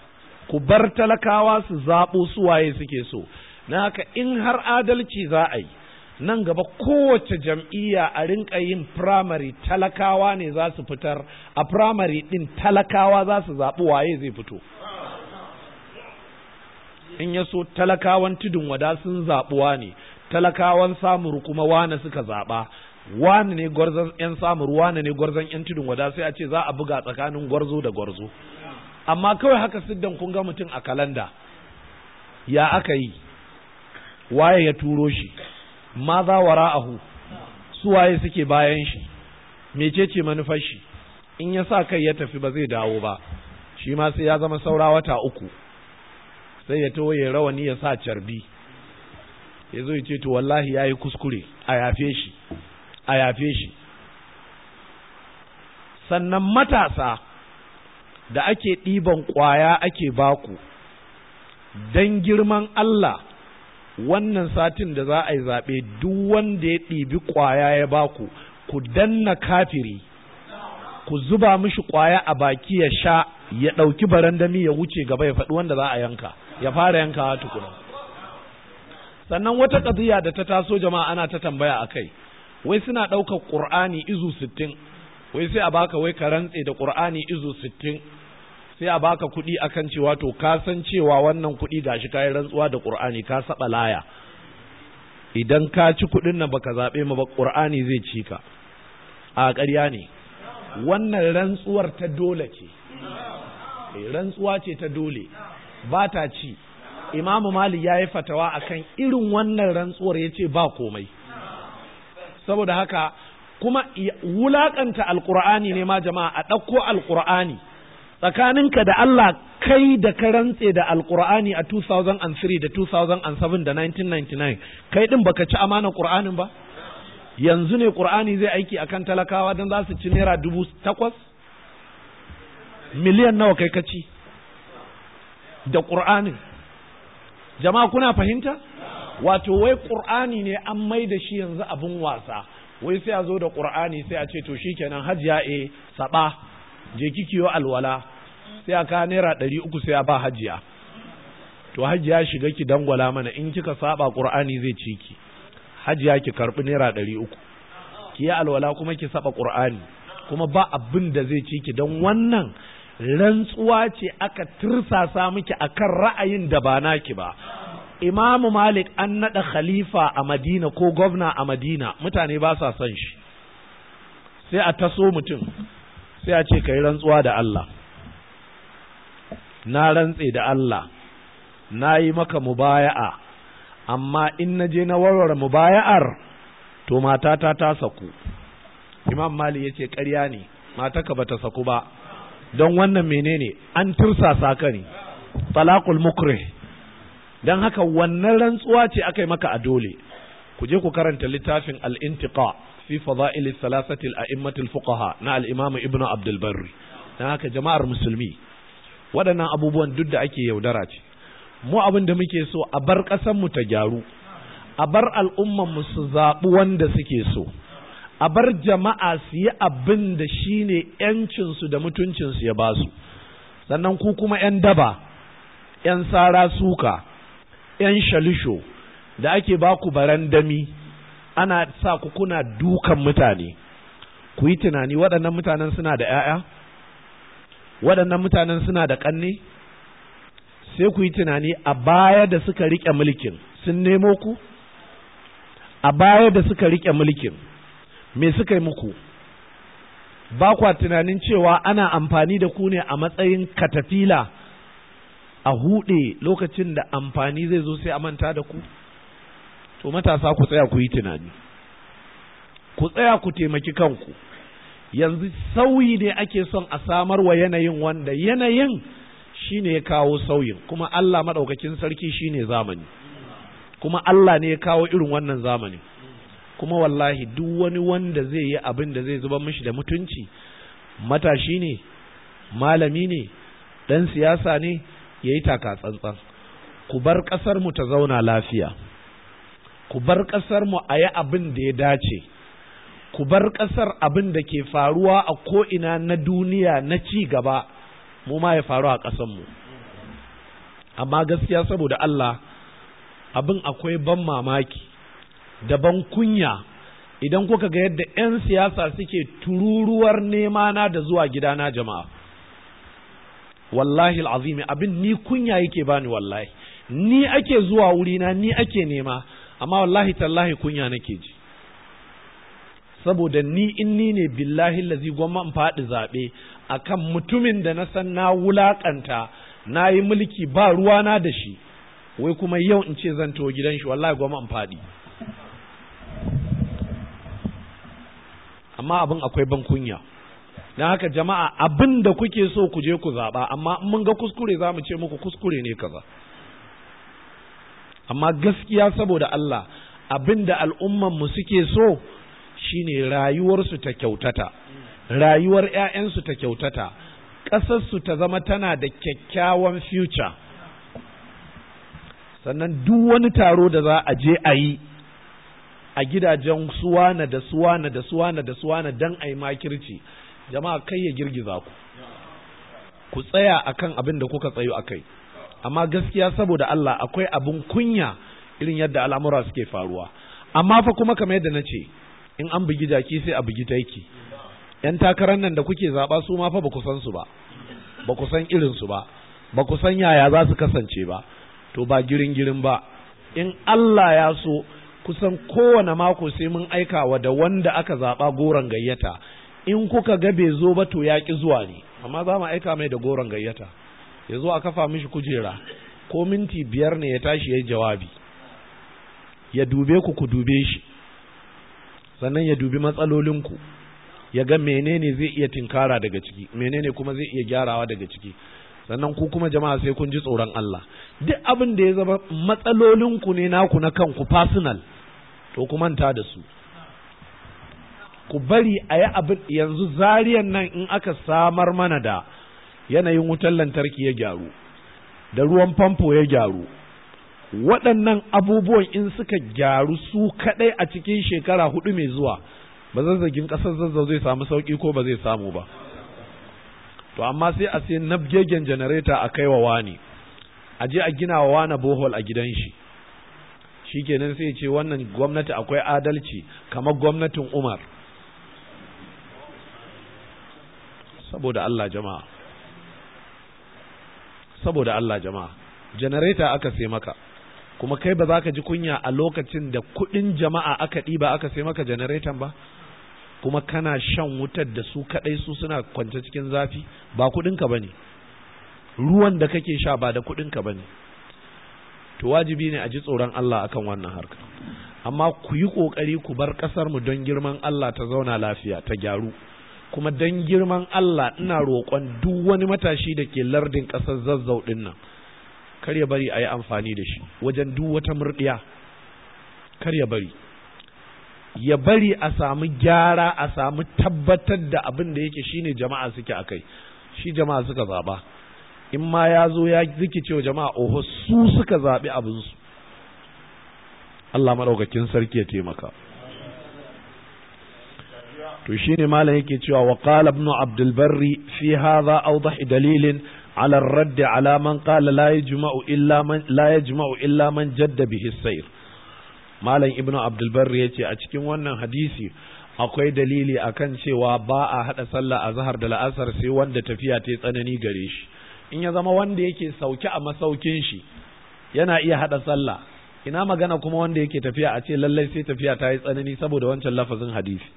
ku bar talakawa su zaɓo su waye suke so na haka in har adalci za a yi nan gaba kowace jam'iyya a rinka yin firamare talakawa ne za su fitar a firamare ɗin talakawa za su zaɓi waye zai fito in ya so talakawan tudun wada sun zaɓuwa ne talakawan samun kuma wane suka zaɓa wani ne gwarzon yan samun ruwa ne gwarzon yan tudun wada sai a ce za a buga tsakanin gwarzo da gwarzo amma kawai haka siddan kun ga mutum a kalanda ya aka yi waye ya turo shi ma za ra'ahu? su waye suke bayan shi mecece manufar shi in ya sa kai ya tafi ba zai dawo ba shi ma sai ya zama saura wata uku sai ya taho ya rawani ya sa carbi ya zo ya ce to wallahi ya yi kuskure a yafe shi a yafe shi sannan matasa da ake ɗiban ƙwaya ake baku don girman Allah wannan satin da za a yi zaɓe duk wanda ya ɗibi ƙwaya ya baku ku danna kafiri ku zuba mishi ƙwaya a baki ya sha ya ɗauki barandami ya wuce gaba ya faɗi wanda za a yanka ya fara yankawa tukuna sannan wata ƙadiyya da ta taso jama'a ana ta tambaya a kai wai suna ɗaukar ƙur'ani izu sittin wai sai a baka wai ka rantse da ƙur'ani izu sittin sai a baka kuɗi kan cewa to ka san cewa wannan kuɗi gashi kayan rantsuwa da ƙur'ani ka saba laya idan ka ci kuɗin nan baka zaɓe ma ba ƙur'ani zai ci ka a ƙarya ne wannan rantsuwar ta dole ce eh, rantsuwa ce ta dole ba ta ci imamu malik ya yi fatawa akan irin wannan rantsuwar ya ce ba komai saboda haka kuma wulakanta alkur'ani ne ma jama'a a ɗauko alkur'ani tsakaninka da Allah kai da ka rantse da alkur'ani a 2003 da 2007 da 1999 kai din baka ci amanar qur'anin ba yanzu ne qur'ani zai aiki akan talakawa don za su ci naira dubu takwas miliyan nawa kai ka ci da qur'anin jama'a kuna fahimta wato wai ƙur'ani ne an mai da shi yanzu abin wasa wai sai a zo da ƙur'ani sai a ce to shikenan hajiya eh saba je kikiyo alwala sai a ka naira ɗari uku sai a ba hajiya to hajiya shiga ki dangwala mana in kika saɓa qur'ani zai ci ki hajiya ki karbi naira ɗari uku ki yi alwala kuma ki saɓa qur'ani kuma ba abin da zai ci ki don wannan rantsuwa ce aka tirsasa miki akan ra'ayin da ba naki ba imamu malik an naɗa khalifa a madina ko gwamna a madina mutane ba sa son shi sai a taso mutum sai a ce ka rantsuwa da Allah na rantse da Allah na yi maka mubaya'a amma in na je na warware mubaya'ar to matata ta saku imam Malik yace ce ƙarya ne mataka ba ta saku ba don wannan menene an tursasa ka ne talakul mukrih don haka wannan rantsuwa ce aka maka a dole ku je ku karanta littafin al-intiqa fi fada'il salasati al aimmat al-fuqaha na al-imam ibn abdul barr Dan haka jama'ar musulmi waɗannan abubuwan duk da ake yaudara ce mu abin da muke so a bar ƙasar mu ta gyaru a bar al'umman mu su zaɓi wanda suke so a bar jama'a su yi abin da shine yancin ‘yancinsu da mutuncinsu ya basu sannan ku kuma ‘yan daba, ‘yan sara suka, 'yan shalisho da ake ba ku barandami ana sa ku kuna dukan mutane ku yi tunani waɗannan mutanen suna da 'ya'ya waɗannan mutanen suna da ƙanne sai ku yi tunani a baya da suka riƙe mulkin sun nemo ku a baya da suka riƙe mulkin me suka yi muku ba kwa tunanin cewa ana amfani da ku ne a matsayin katafila a huɗe lokacin da amfani zai zo sai a manta da ku to matasa ku tsaya ku yi tunani ku tsaya ku taimaki kanku yanzu sauyi ne ake son a samar wa yanayin wanda yanayin shi ne ya kawo sauyin kuma Allah maɗaukakin sarki shi ne zamani kuma Allah ne ya kawo irin wannan zamani kuma wallahi duk wani wanda zai yi abin da zai zuba mishi da mutunci matashi ne malami ne ɗan siyasa ne yayi taka tsantsan ku bar ƙasarmu ta zauna lafiya ku bar ƙasar mu a yi abin da ya dace ku bar ƙasar abin da ke faruwa a ko'ina na duniya na ci gaba mu ma ya faru a ƙasanmu amma gaskiya saboda Allah abin akwai ban mamaki da ban kunya idan kuka ga yadda 'yan siyasa suke tururuwar nema na da zuwa gidana jama'a wallahi al'azimi. abin ni kunya yake bani wallahi ni ake zuwa wurina ni ake nema amma wallahi tallahi kunya nake ji saboda ni in ni ne billahi lazi gwamma in faɗi zaɓe akan mutumin da na san na wulaƙanta na yi mulki ba ruwa na da shi wai kuma yau in ce zan to gidan shi wallahi gwamma in faɗi amma abin akwai ban kunya Na haka jama'a abin da kuke so ku je ku zaɓa amma in mun ga kuskure za mu ce muku kuskure ne kaza amma gaskiya saboda Allah abin da al'ummanmu suke so shine rayuwarsu ta kyautata rayuwar 'ya'yansu ta kyautata ƙasarsu ta zama tana da kyakkyawan future sannan duk wani taro da za a je a yi a gidajen suwana da suwana da suwana da suwana don a yi makirci jama'a kai ya girgiza ku ku tsaya akan abin da kuka tsayo akai amma gaskiya saboda Allah akwai abin kunya irin yadda al'amura suke faruwa amma fa kuma kamar yadda nace in an bugi jaki sai a bugi taiki yan takarar nan da kuke zaba su ma fa ba ku san su ba ba ku san irin su ba ba ku san yaya za su kasance ba to ba girin girin ba in Allah ya so kusan kowane mako sai mun aikawa da wanda aka zaba goron gayyata in kuka ga bai zo ba to ya ki zuwa ne amma za mu aika mai da goron gayyata ya zo a kafa mishi kujera ko minti biyar ne ya tashi ya jawabi ya dube ku ku dube shi sannan ya dubi matsalolinku ya ga menene zai iya tinkara daga ciki menene kuma zai iya gyarawa daga ciki sannan ku kuma jama'a sai kun ji tsoron Allah duk abin da ya zama matsalolinku ne naku na kanku personal to ku manta da su ku bari a yi abin yanzu zariyan nan in aka samar mana da yanayin wutar lantarki ya gyaru da ruwan famfo ya gyaru waɗannan abubuwan in suka gyaru su kaɗai a cikin shekara hudu mai zuwa ba zazzagin ƙasar zazzau zai samu sauƙi ko ba zai samu ba to amma sai a sai na nabgegen janareta a kai wa wani a je a gina wa wani bohol a gidan shi shi kenan sai ce wannan gwamnati akwai adalci kamar gwamnatin umar saboda Allah jama'a saboda Allah jama'a generator aka sai maka kuma kai ba za ka ji kunya a lokacin da kuɗin jama'a aka ɗiba aka sai maka generator ba kuma kana shan wutar da su kaɗai su suna kwance cikin zafi ba kuɗinka ba ne ruwan da kake sha ba da kuɗinka ba ne to wajibi ne a ji tsoron Allah akan wannan harka amma ku yi ƙoƙari ku bar ƙasarmu don girman Allah ta zauna lafiya ta gyaru kuma dan girman Allah ina roƙon duk wani matashi da ke lardin ƙasar zazzau ɗin nan kar ya bari a yi amfani da shi wajen duk wata murɗiya kar ya bari ya bari a sami gyara a sami tabbatar da abin da yake shine jama'a suke a kai shi jama'a suka zaɓa in ma ya zo ya ziki cewa jama'a oho su suka zaɓi abinsu Allah maɗaukakin sarki ya taimaka to ne malam yake cewa wa qala ibn abdul barri fi hadha awdah dalilin ala ar-radd ala man qala la yajma'u illa man la yajma'u illa man jadda bihi sayr malam ibn abdul ya yace a cikin wannan hadisi akwai dalili akan cewa ba a hada sallah azhar da la'asar sai wanda tafiya ta tsanani gare shi in ya zama wanda yake sauke a masaukin shi yana iya hada sallah ina magana kuma wanda yake tafiya a ce lallai sai tafiya ta yi tsanani saboda wancan lafazin hadisi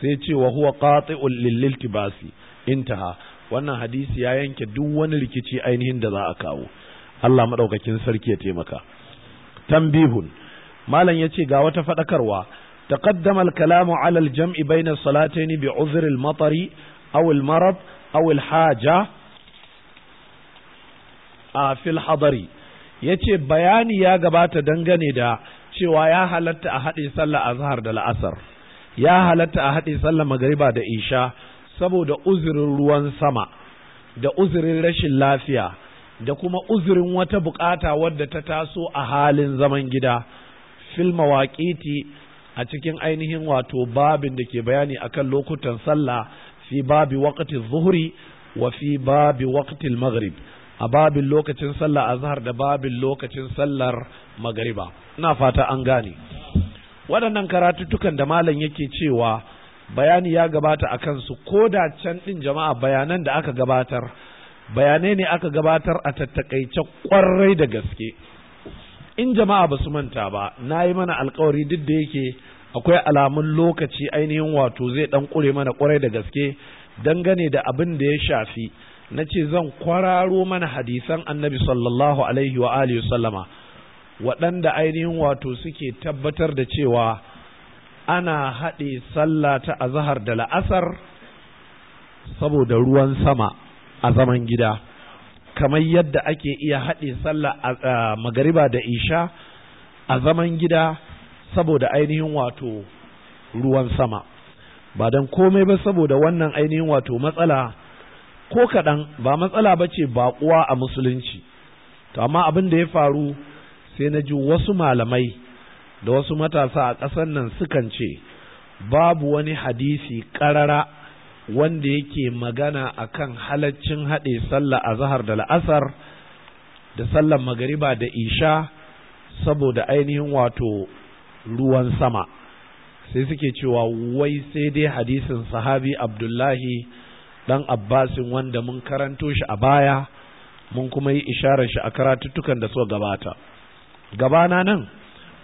sai ce wa huwa qati'un lil intaha wannan hadisi ya yanke duk wani rikici ainihin da za a kawo Allah madaukakin sarki ya taimaka Tambihun. malam yace ga wata fadakarwa taqaddama al-kalamu 'ala al-jam'i bayna Salataini bi 'udhr al-matari aw al-marad aw al-haja a fil hadari yace bayani ya gabata dangane da cewa ya halatta a haɗe sallah azhar da la'asar ya halatta a haɗe sallar magariba da isha saboda uzurin ruwan sama da uzurin rashin lafiya da kuma uzurin wata bukata wadda ta taso a halin zaman gida filma waƙiti a cikin ainihin wato babin da ke bayani akan lokutan sallah fi babi waqti zuhri wa fi babi waqti maghrib a babin lokacin sallah azhar da babin lokacin sallar magariba ina fata an gane waɗannan karatuttukan da malam yake cewa bayani ya gabata a kansu ko da can ɗin jama'a bayanan da aka gabatar bayanai ne aka gabatar a tattakaice ƙwarai da gaske in jama'a ba su manta ba na yi mana alkawari duk da yake akwai alamun lokaci ainihin wato zai ɗan ƙure mana ƙwarai da gaske dangane da abin da ya shafi na ce zan kwararo mana hadisan annabi sallallahu alaihi wa alihi sallama waɗanda ainihin wato suke tabbatar da cewa ana haɗe sallah ta azahar da la'asar saboda ruwan sama a zaman gida kamar yadda ake iya haɗe sallah a magariba da isha a zaman gida saboda ainihin wato ruwan sama ba don komai ba saboda wannan ainihin wato matsala ko kaɗan ba matsala ba ce baƙuwa a musulunci to amma abin da ya faru sai na ji wasu malamai da wasu matasa a ƙasar nan sukan ce babu wani hadisi ƙarara wanda yake magana akan halaccin haɗe sallah a zahar da la'asar da sallar magariba da isha saboda ainihin wato ruwan sama sai suke cewa wai sai dai hadisin sahabi abdullahi dan abbasin wanda mun karanto shi a baya mun kuma yi isharar shi a karatuttukan da suka gabata gabana nan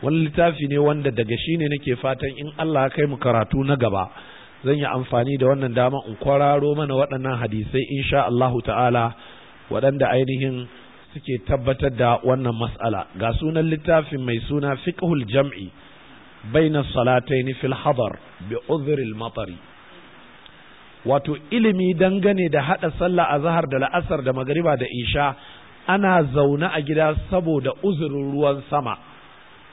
wani littafi ne wanda daga shi ne nake fatan in Allah kai mu karatu na gaba zan yi amfani da wannan dama in kwararo mana waɗannan hadisai insha Allahu ta'ala waɗanda ainihin suke tabbatar da wannan mas'ala ga sunan littafin mai suna fiqhul jam'i baina salataini fil hadar bi udhril matari wato ilimi dangane da hada sallah azhar da la'asar da magriba da isha ana zaune a gida saboda uzurin ruwan sama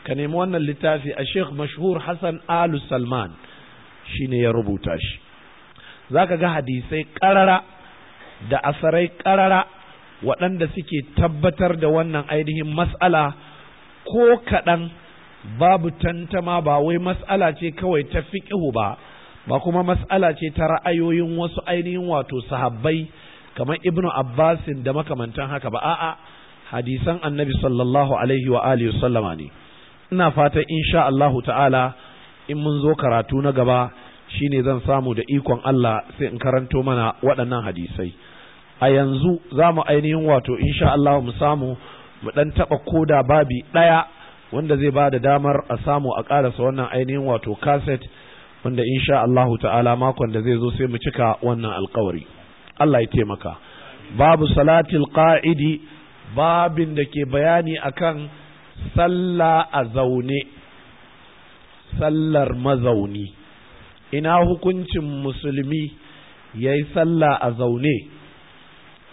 ka nemi wannan littafi a sheikh mashhur hassan alu salman shi ne ya rubuta shi za ka ga hadisai ƙarara da asarai ƙarara waɗanda suke tabbatar da wannan ainihin matsala ko kaɗan babu tantama ba wai matsala ce kawai ta fiƙihu ba ba kuma matsala ce ta ra'ayoyin wasu ainihin wato sahabbai kamar ibnu abbasin da makamantan haka ba a'a hadisan annabi sallallahu alaihi wa alihi sallama ne ina fatan insha Allahu ta'ala in mun zo karatu na gaba shine zan samu da ikon Allah sai in karanto mana waɗannan hadisai a yanzu za mu ainihin wato insha Allah mu samu mu dan taɓa koda babi ɗaya wanda zai ba da damar a samu a karasa wannan ainihin wato cassette wanda insha Allahu ta'ala makon da zai zo sai mu cika wannan alƙawari. Allah ya taimaka babu salatil ƙa'idi babin da ke bayani akan sallah a zaune sallar mazauni ina hukuncin musulmi ya yi sallah a zaune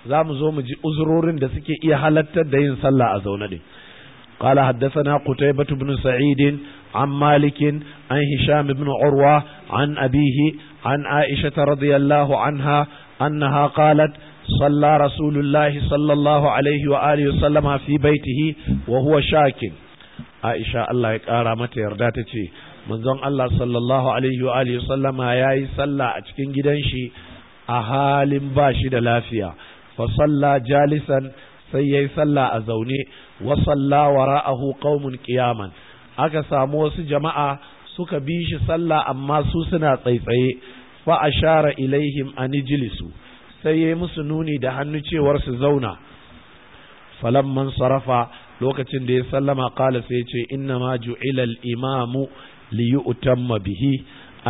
za mu zo mu ji uzurorin da suke iya halattar da yin sallah a zaune din قال حدثنا قتيبة بن سعيد عن مالك عن هشام بن عروة عن أبيه عن عائشة رضي الله عنها أنها قالت صلى رسول الله صلى الله عليه وآله وسلم في بيته وهو شاكل عائشة الله يكارمت يرداتتي منذ الله صلى الله عليه وآله وسلم ياي صلى أتكين جدنشي أهال باشد لافيا فصلى جالسا سيي صلى أزوني وصلى وراءه قوم قياما aka samu wasu jama'a suka bi shi sallah amma su suna tsaitsaye fa ashara ilaihim an ijlisu sai yayi musu nuni da hannu cewar su zauna falamman sarafa lokacin da ya sallama qala sai ce inna ma ju'ila al-imamu li yu'tamma bihi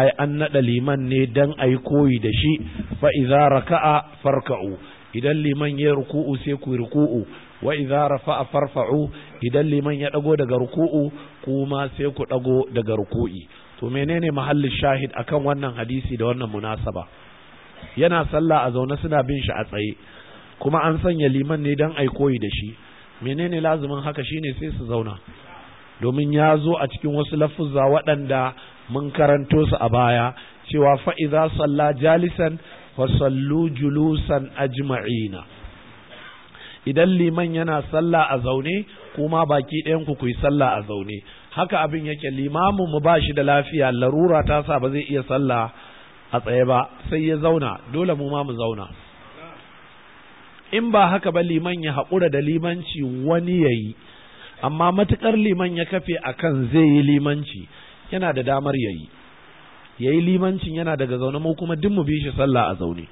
ai an nada liman ne dan ai koyi da shi fa idza raka'a farka'u idan liman ya ruku'u sai ku ruku'u wa idza rafa'a farfa'u idan liman ya dago daga ruku'u kuma sai ku dago daga ruku'i to menene mahallin shahid akan wannan hadisi da wannan munasaba yana sallah a zaune suna bin shi a tsaye kuma an sanya liman ne dan ai koyi da shi menene lazumin haka shine sai su zauna domin ya zo a cikin wasu lafuzza waɗanda mun karanto su a baya cewa fa'iza salla jalisan wa sallu julusan ajma'ina idan liman yana sallah a zaune kuma baki ɗayan ku yi sallah a zaune haka abin yake limamin mu ba shi da lafiya larura ta sa ba zai iya sallah a tsaye ba sai ya zauna dole mu ma mu zauna in ba haka ba liman ya haƙura da limanci wani ya yi amma matuƙar liman ya kafe a kan zai yi limanci yana da damar ya yi ya yi limancin yana daga zaune mu kuma duk mu bi shi sallah a zaune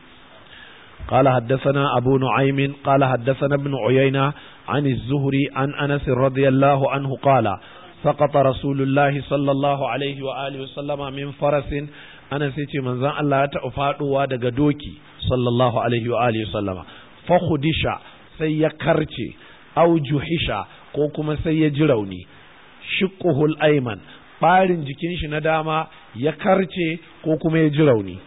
قال حدثنا أبو نعيم قال حدثنا ابن عيينة عن الزهري عن أنس رضي الله عنه قال سقط رسول min farasin الله عليه وآله وسلم من فرس أنا سيتي من زان الله تأفاد وادق دوكي صلى الله عليه وآله وسلم فخدش سيكرتي أو جحش كوكما سيجروني شقه الأيمن ɓarin jikin shi na dama ya karce ko kuma ya ji rauni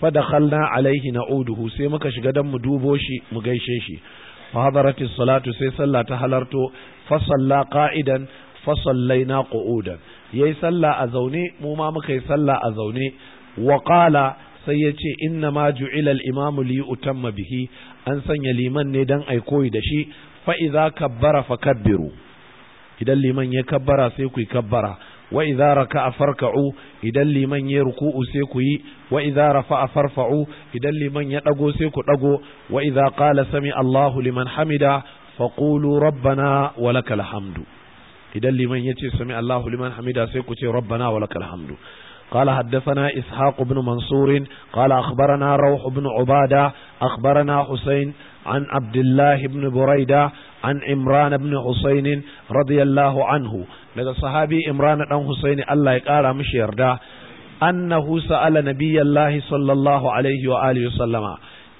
fadakhalna alaihi na na'uduhu sai muka shiga dan mu dubo shi mu gaishe shi fa hadarati salatu sai sallah ta halarto fa salla fasallaina sallaina yayi sallah a zaune mu ma muka yi sallah a zaune wa sai ya ce inna ma ju'ila al li utamma bihi an sanya liman ne dan ai koyi da shi fa idza kabbara fakabbiru idan liman ya kabbara sai ku yi kabbara wa idza raka'a farka'u idan liman ya ruku'u sai ku yi wa idza farfa'u idan liman ya dago sai ku dago wa idza qala sami Allahu liman hamida faqulu rabbana wa lakal hamdu idan liman yace sami Allahu liman hamida sai ku ce rabbana walakal hamdu قال حدثنا إسحاق بن منصور قال أخبرنا روح بن عبادة أخبرنا حسين عن عبد الله بن بريدة عن عمران بن حسين رضي الله عنه لذا صحابي عمران بن حسين الله يقال مش يرده أنه سأل نبي الله صلى الله عليه وآله وسلم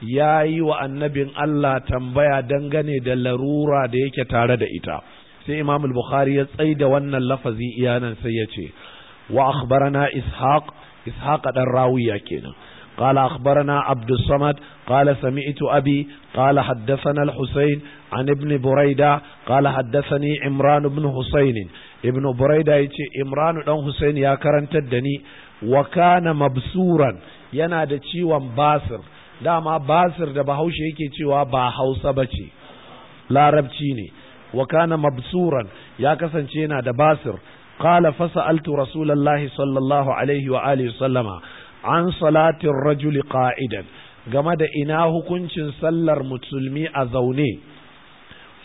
يا أيها النبي الله تنبيا دنغني دلرورا ديك تارد إتا sai imam al-bukhari ya tsaida wannan lafazi iyanan sai ya ce wa akhbarana ishaq ishaq dan rawiya kenan قال أخبرنا عبد الصمد قال سمعت أبي قال حدثنا الحسين عن ابن بريدة قال حدثني عمران بن حسين ابن بريدة يتي عمران بن حسين يا كرنت الدني وكان مبسورا ينادى تشيوا باسر داما باسر da bahaushe yake cewa ba hausa ba ce larabci ne wa kana mabsuran ya kasance yana da basir qala fasaltu rasulullahi sallallahu alaihi wa alihi sallama an salatin rajuli qa'idan game da ina hukuncin sallar musulmi a zaune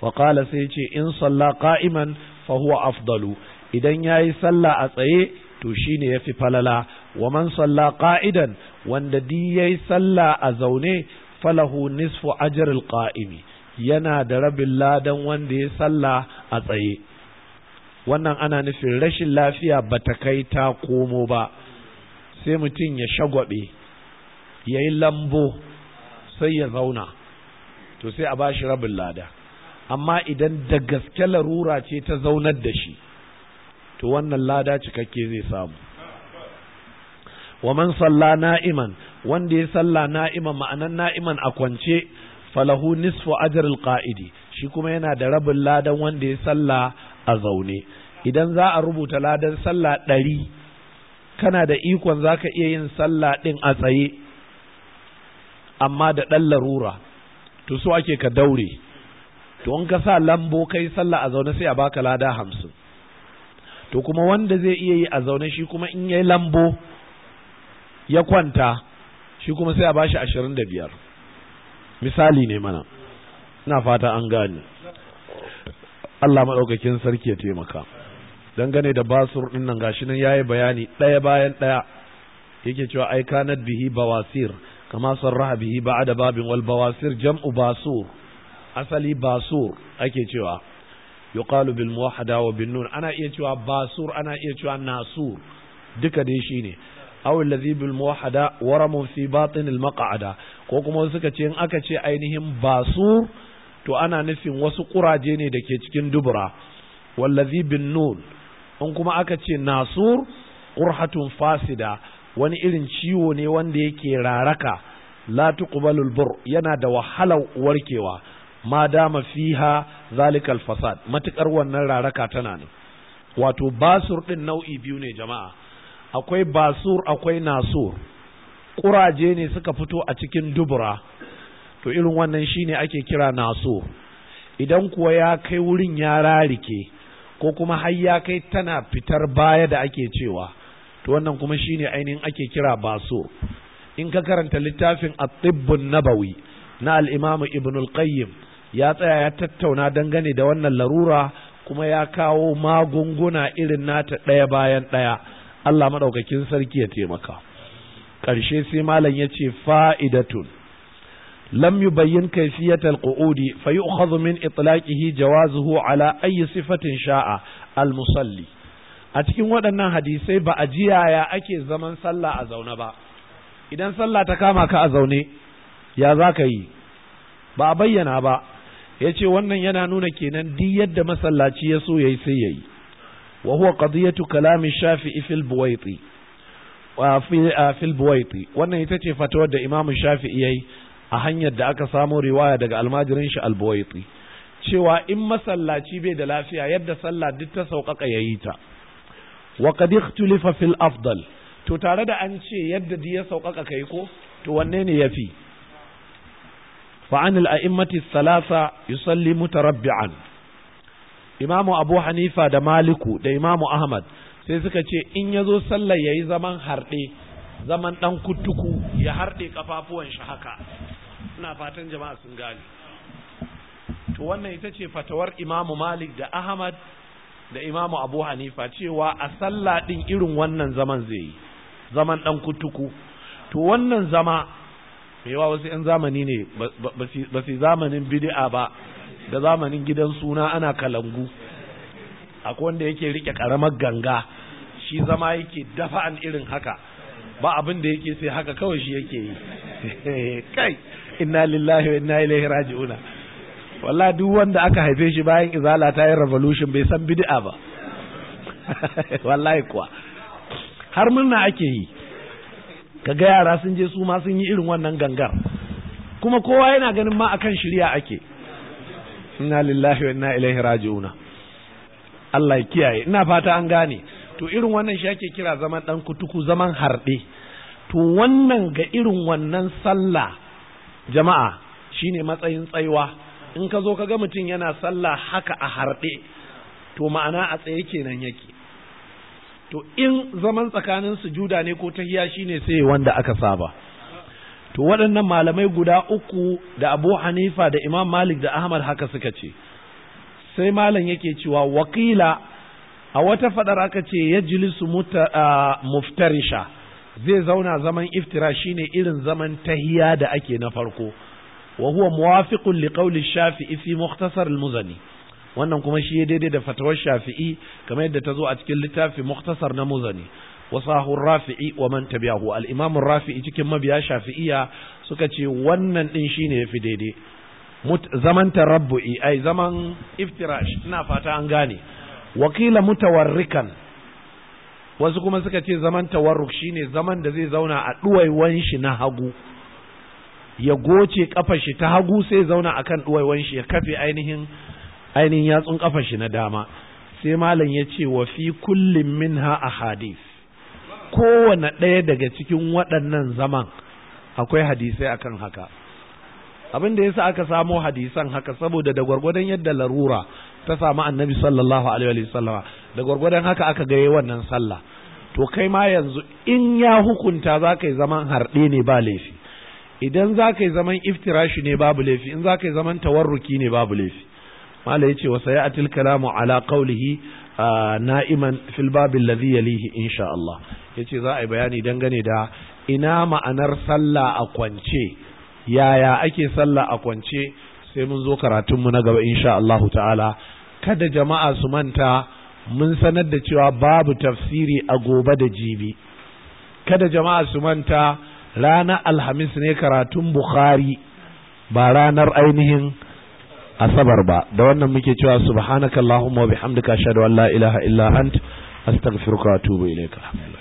faƙala sai ce in salla fa fahuwa afdalu idan ya yi salla a tsaye to shi ne ya fi falala wa man salla ƙa'idan wanda di ya yi salla a zaune falahu nisfu ajarin ka'imi. yana da rabin ladan wanda ya salla a tsaye wannan ana nufin rashin lafiya ba ta kai ta komo ba sai mutum ya shagwabe ya yi lambo sai ya zauna to sai a ba shi rabin lada amma idan da gaske larura ce ta zaunar da shi to wannan lada cikakke zai samu wa man salla na'iman wanda ya salla na'iman ma'anan na'iman a kwance falahu nisfu ajr alqa'idi shi kuma yana da rabin ladan wanda ya salla a zaune idan za a rubuta ladan salla ɗari kana da ikon za ka iya yin salla ɗin a tsaye amma da ɗan larura to so ake ka daure to in ka sa lambo kai salla a zaune sai a baka lada hamsin to kuma wanda zai iya yi a zaune shi kuma in yayi lambo ya kwanta shi kuma sai a bashi ashirin da biyar misali ne mana ina fata an gane Allah maɗaukakin sarki ya taimaka dangane da basur ɗin nan gashi nan yayi bayani ɗaya bayan ɗaya yake cewa ai kanat bihi bawasir kama sarraha bihi ba'da babin wal bawasir jam'u basur asali basur ake cewa yuqalu bil muwahhada wa bin nun ana iya cewa basur ana iya cewa nasur duka dai shine aw allazi bil muwahhada ramu fi batin al maq'ada ko kuma suka ce in aka ce ainihin basur to ana nufin wasu kuraje ne da ke cikin dubura wallazi bin nun in kuma aka ce nasur qurhatun fasida wani irin ciwo ne wanda yake raraka la tuqbalul bur yana da wahalar warkewa ma dama fiha zalikal fasad matukar wannan raraka tana nan wato basur din nau'i biyu ne jama'a akwai basur akwai nasur ƙuraje ne suka fito a cikin dubura to irin wannan shine ake kira naso idan kuwa ya kai wurin ya rarike ko kuma har ya kai tana fitar baya da ake cewa to wannan kuma shine ainihin ake kira baso in ka karanta littafin at-tibbun nabawi na al-imam ibn al-qayyim ya tsaya ya tattauna dangane da wannan larura kuma ya kawo magunguna irin nata ɗaya bayan ɗaya Allah maɗaukakin sarki ya taimaka ƙarshe sai malam ya ce fa'idatun lam kai kayfiyatal qu'udi fa yu'khadhu min itlaqihi jawazuhu ala ayyi sifatin sha'a al musalli a cikin waɗannan hadisai ba a jiya ya ake zaman sallah a zaune ba idan sallah ta kama ka a zaune ya za ka yi ba a bayyana ba ya ce wannan yana nuna kenan duk yadda masallaci ya so ya yi sai ya yi wa huwa qadiyatu kalami shafi'i fil buwaiti fil buwaiti wannan ita ce fatuwar da imamu shafi'i yayi a hanyar da aka samo riwaya daga almajirin shi albuwaiti cewa in masallaci bai da lafiya yadda sallah duk ta sauƙaƙa yayi ta wa qad ikhtulifa fil afdal to tare da an ce yadda ya sauƙaƙa kai ko to wanne ne yafi fa an al a'immati salasa yusalli mutarabbi'an imamu abu hanifa da maliku da imamu ahmad sai suka ce in ya zo sallar ya yi zaman harɗe zaman ɗan kuttuku ya harɗe ƙafafuwan shi haka ina fatan jama'a sun gane to wannan ita ce fatawar imamu malik da ahmad da imamu abu hanifa cewa a sallah ɗin irin wannan zaman zai yi zaman ɗan kuttuku to wannan zama yawa wasu 'yan zamani ne ba su zamanin bidi'a ba da zamanin gidan suna ana kalangu akwai wanda yake rike karamar ganga shi zama yake dafa an irin haka ba abin da yake sai haka kawai shi yake yi [laughs] kai inna lillahi wa inna ilaihi raji'una wallahi duk wanda aka haife shi bayan izala ta yi revolution bai san bid'a ba [laughs] wallahi kuwa har murna ake yi kaga yara sun je su ma sun yi irin wannan gangar kuma kowa yana ganin ma akan shirya ake inna lillahi wa inna ilaihi raji'una Allah ya kiyaye ina fata an gane to irin wannan shi ake kira zaman dan kutuku zaman harɗe to wannan ga irin wannan sallah jama'a shine matsayin tsaiwa in ka zo ka ga mutum yana sallah haka a harɗe to ma'ana a tsaye kenan yake to in zaman tsakanin sujuda ne ko tahiya shine sai wanda aka saba to waɗannan malamai guda uku da Abu Hanifa da Imam Malik da Ahmad haka suka ce sai malam yake cewa wakila a wata faɗar aka ce ya jilisu muftarisha zai zauna zaman iftira shine irin zaman tahiya da ake na farko wa huwa muwafiqun li qawli shafi'i fi mukhtasar al-muzani wannan kuma shi daidai da fatawar shafi'i kamar yadda ta zo a cikin littafi mukhtasar na muzani wa sahur rafi'i wa man tabi'ahu al-imam rafi'i cikin mabiya shafi'iya suka ce wannan din shine yafi daidai zaman tarabbu'i ai zaman iftirash ina fata an gane wakila mutawarrikan wasu kuma suka ce zaman tawarruk shine zaman da zai zauna a duwaiwan shi na hagu ya goce kafar shi ta hagu sai zauna akan duwaiwan shi ya kafe ainihin ainihin yatsun kafar shi na dama sai malam ya ce wa fi kullin minha ahadith kowanne ɗaya daga cikin waɗannan zaman akwai hadisai akan haka abin da yasa aka samo hadisan haka saboda da gwargwadon yadda larura ta samu annabi sallallahu alaihi wa sallama da gwargwadon haka aka ga wannan sallah to kai ma yanzu in ya hukunta za zaman harɗe ne ba laifi idan za ka yi zaman iftirashi ne babu laifi in za ka zaman tawarruki ne babu laifi mala yace wa sayatil kalamu ala qawlihi na'iman fil babil ladhi yalihi insha Allah yace za a yi bayani dangane da ina ma'anar sallah a kwance yaya ake sallah a kwance sai mun zo karatunmu na gaba insha Allah ta'ala kada jama'a su manta mun sanar da cewa babu tafsiri a gobe da jibi kada jama'a su manta ranar alhamis ne karatun bukhari ba ranar ainihin asabar ba da wannan muke cewa subhanakallahumma wa bihamdika ashhadu an la ilaha illa ant astaghfiruka wa atubu ilayka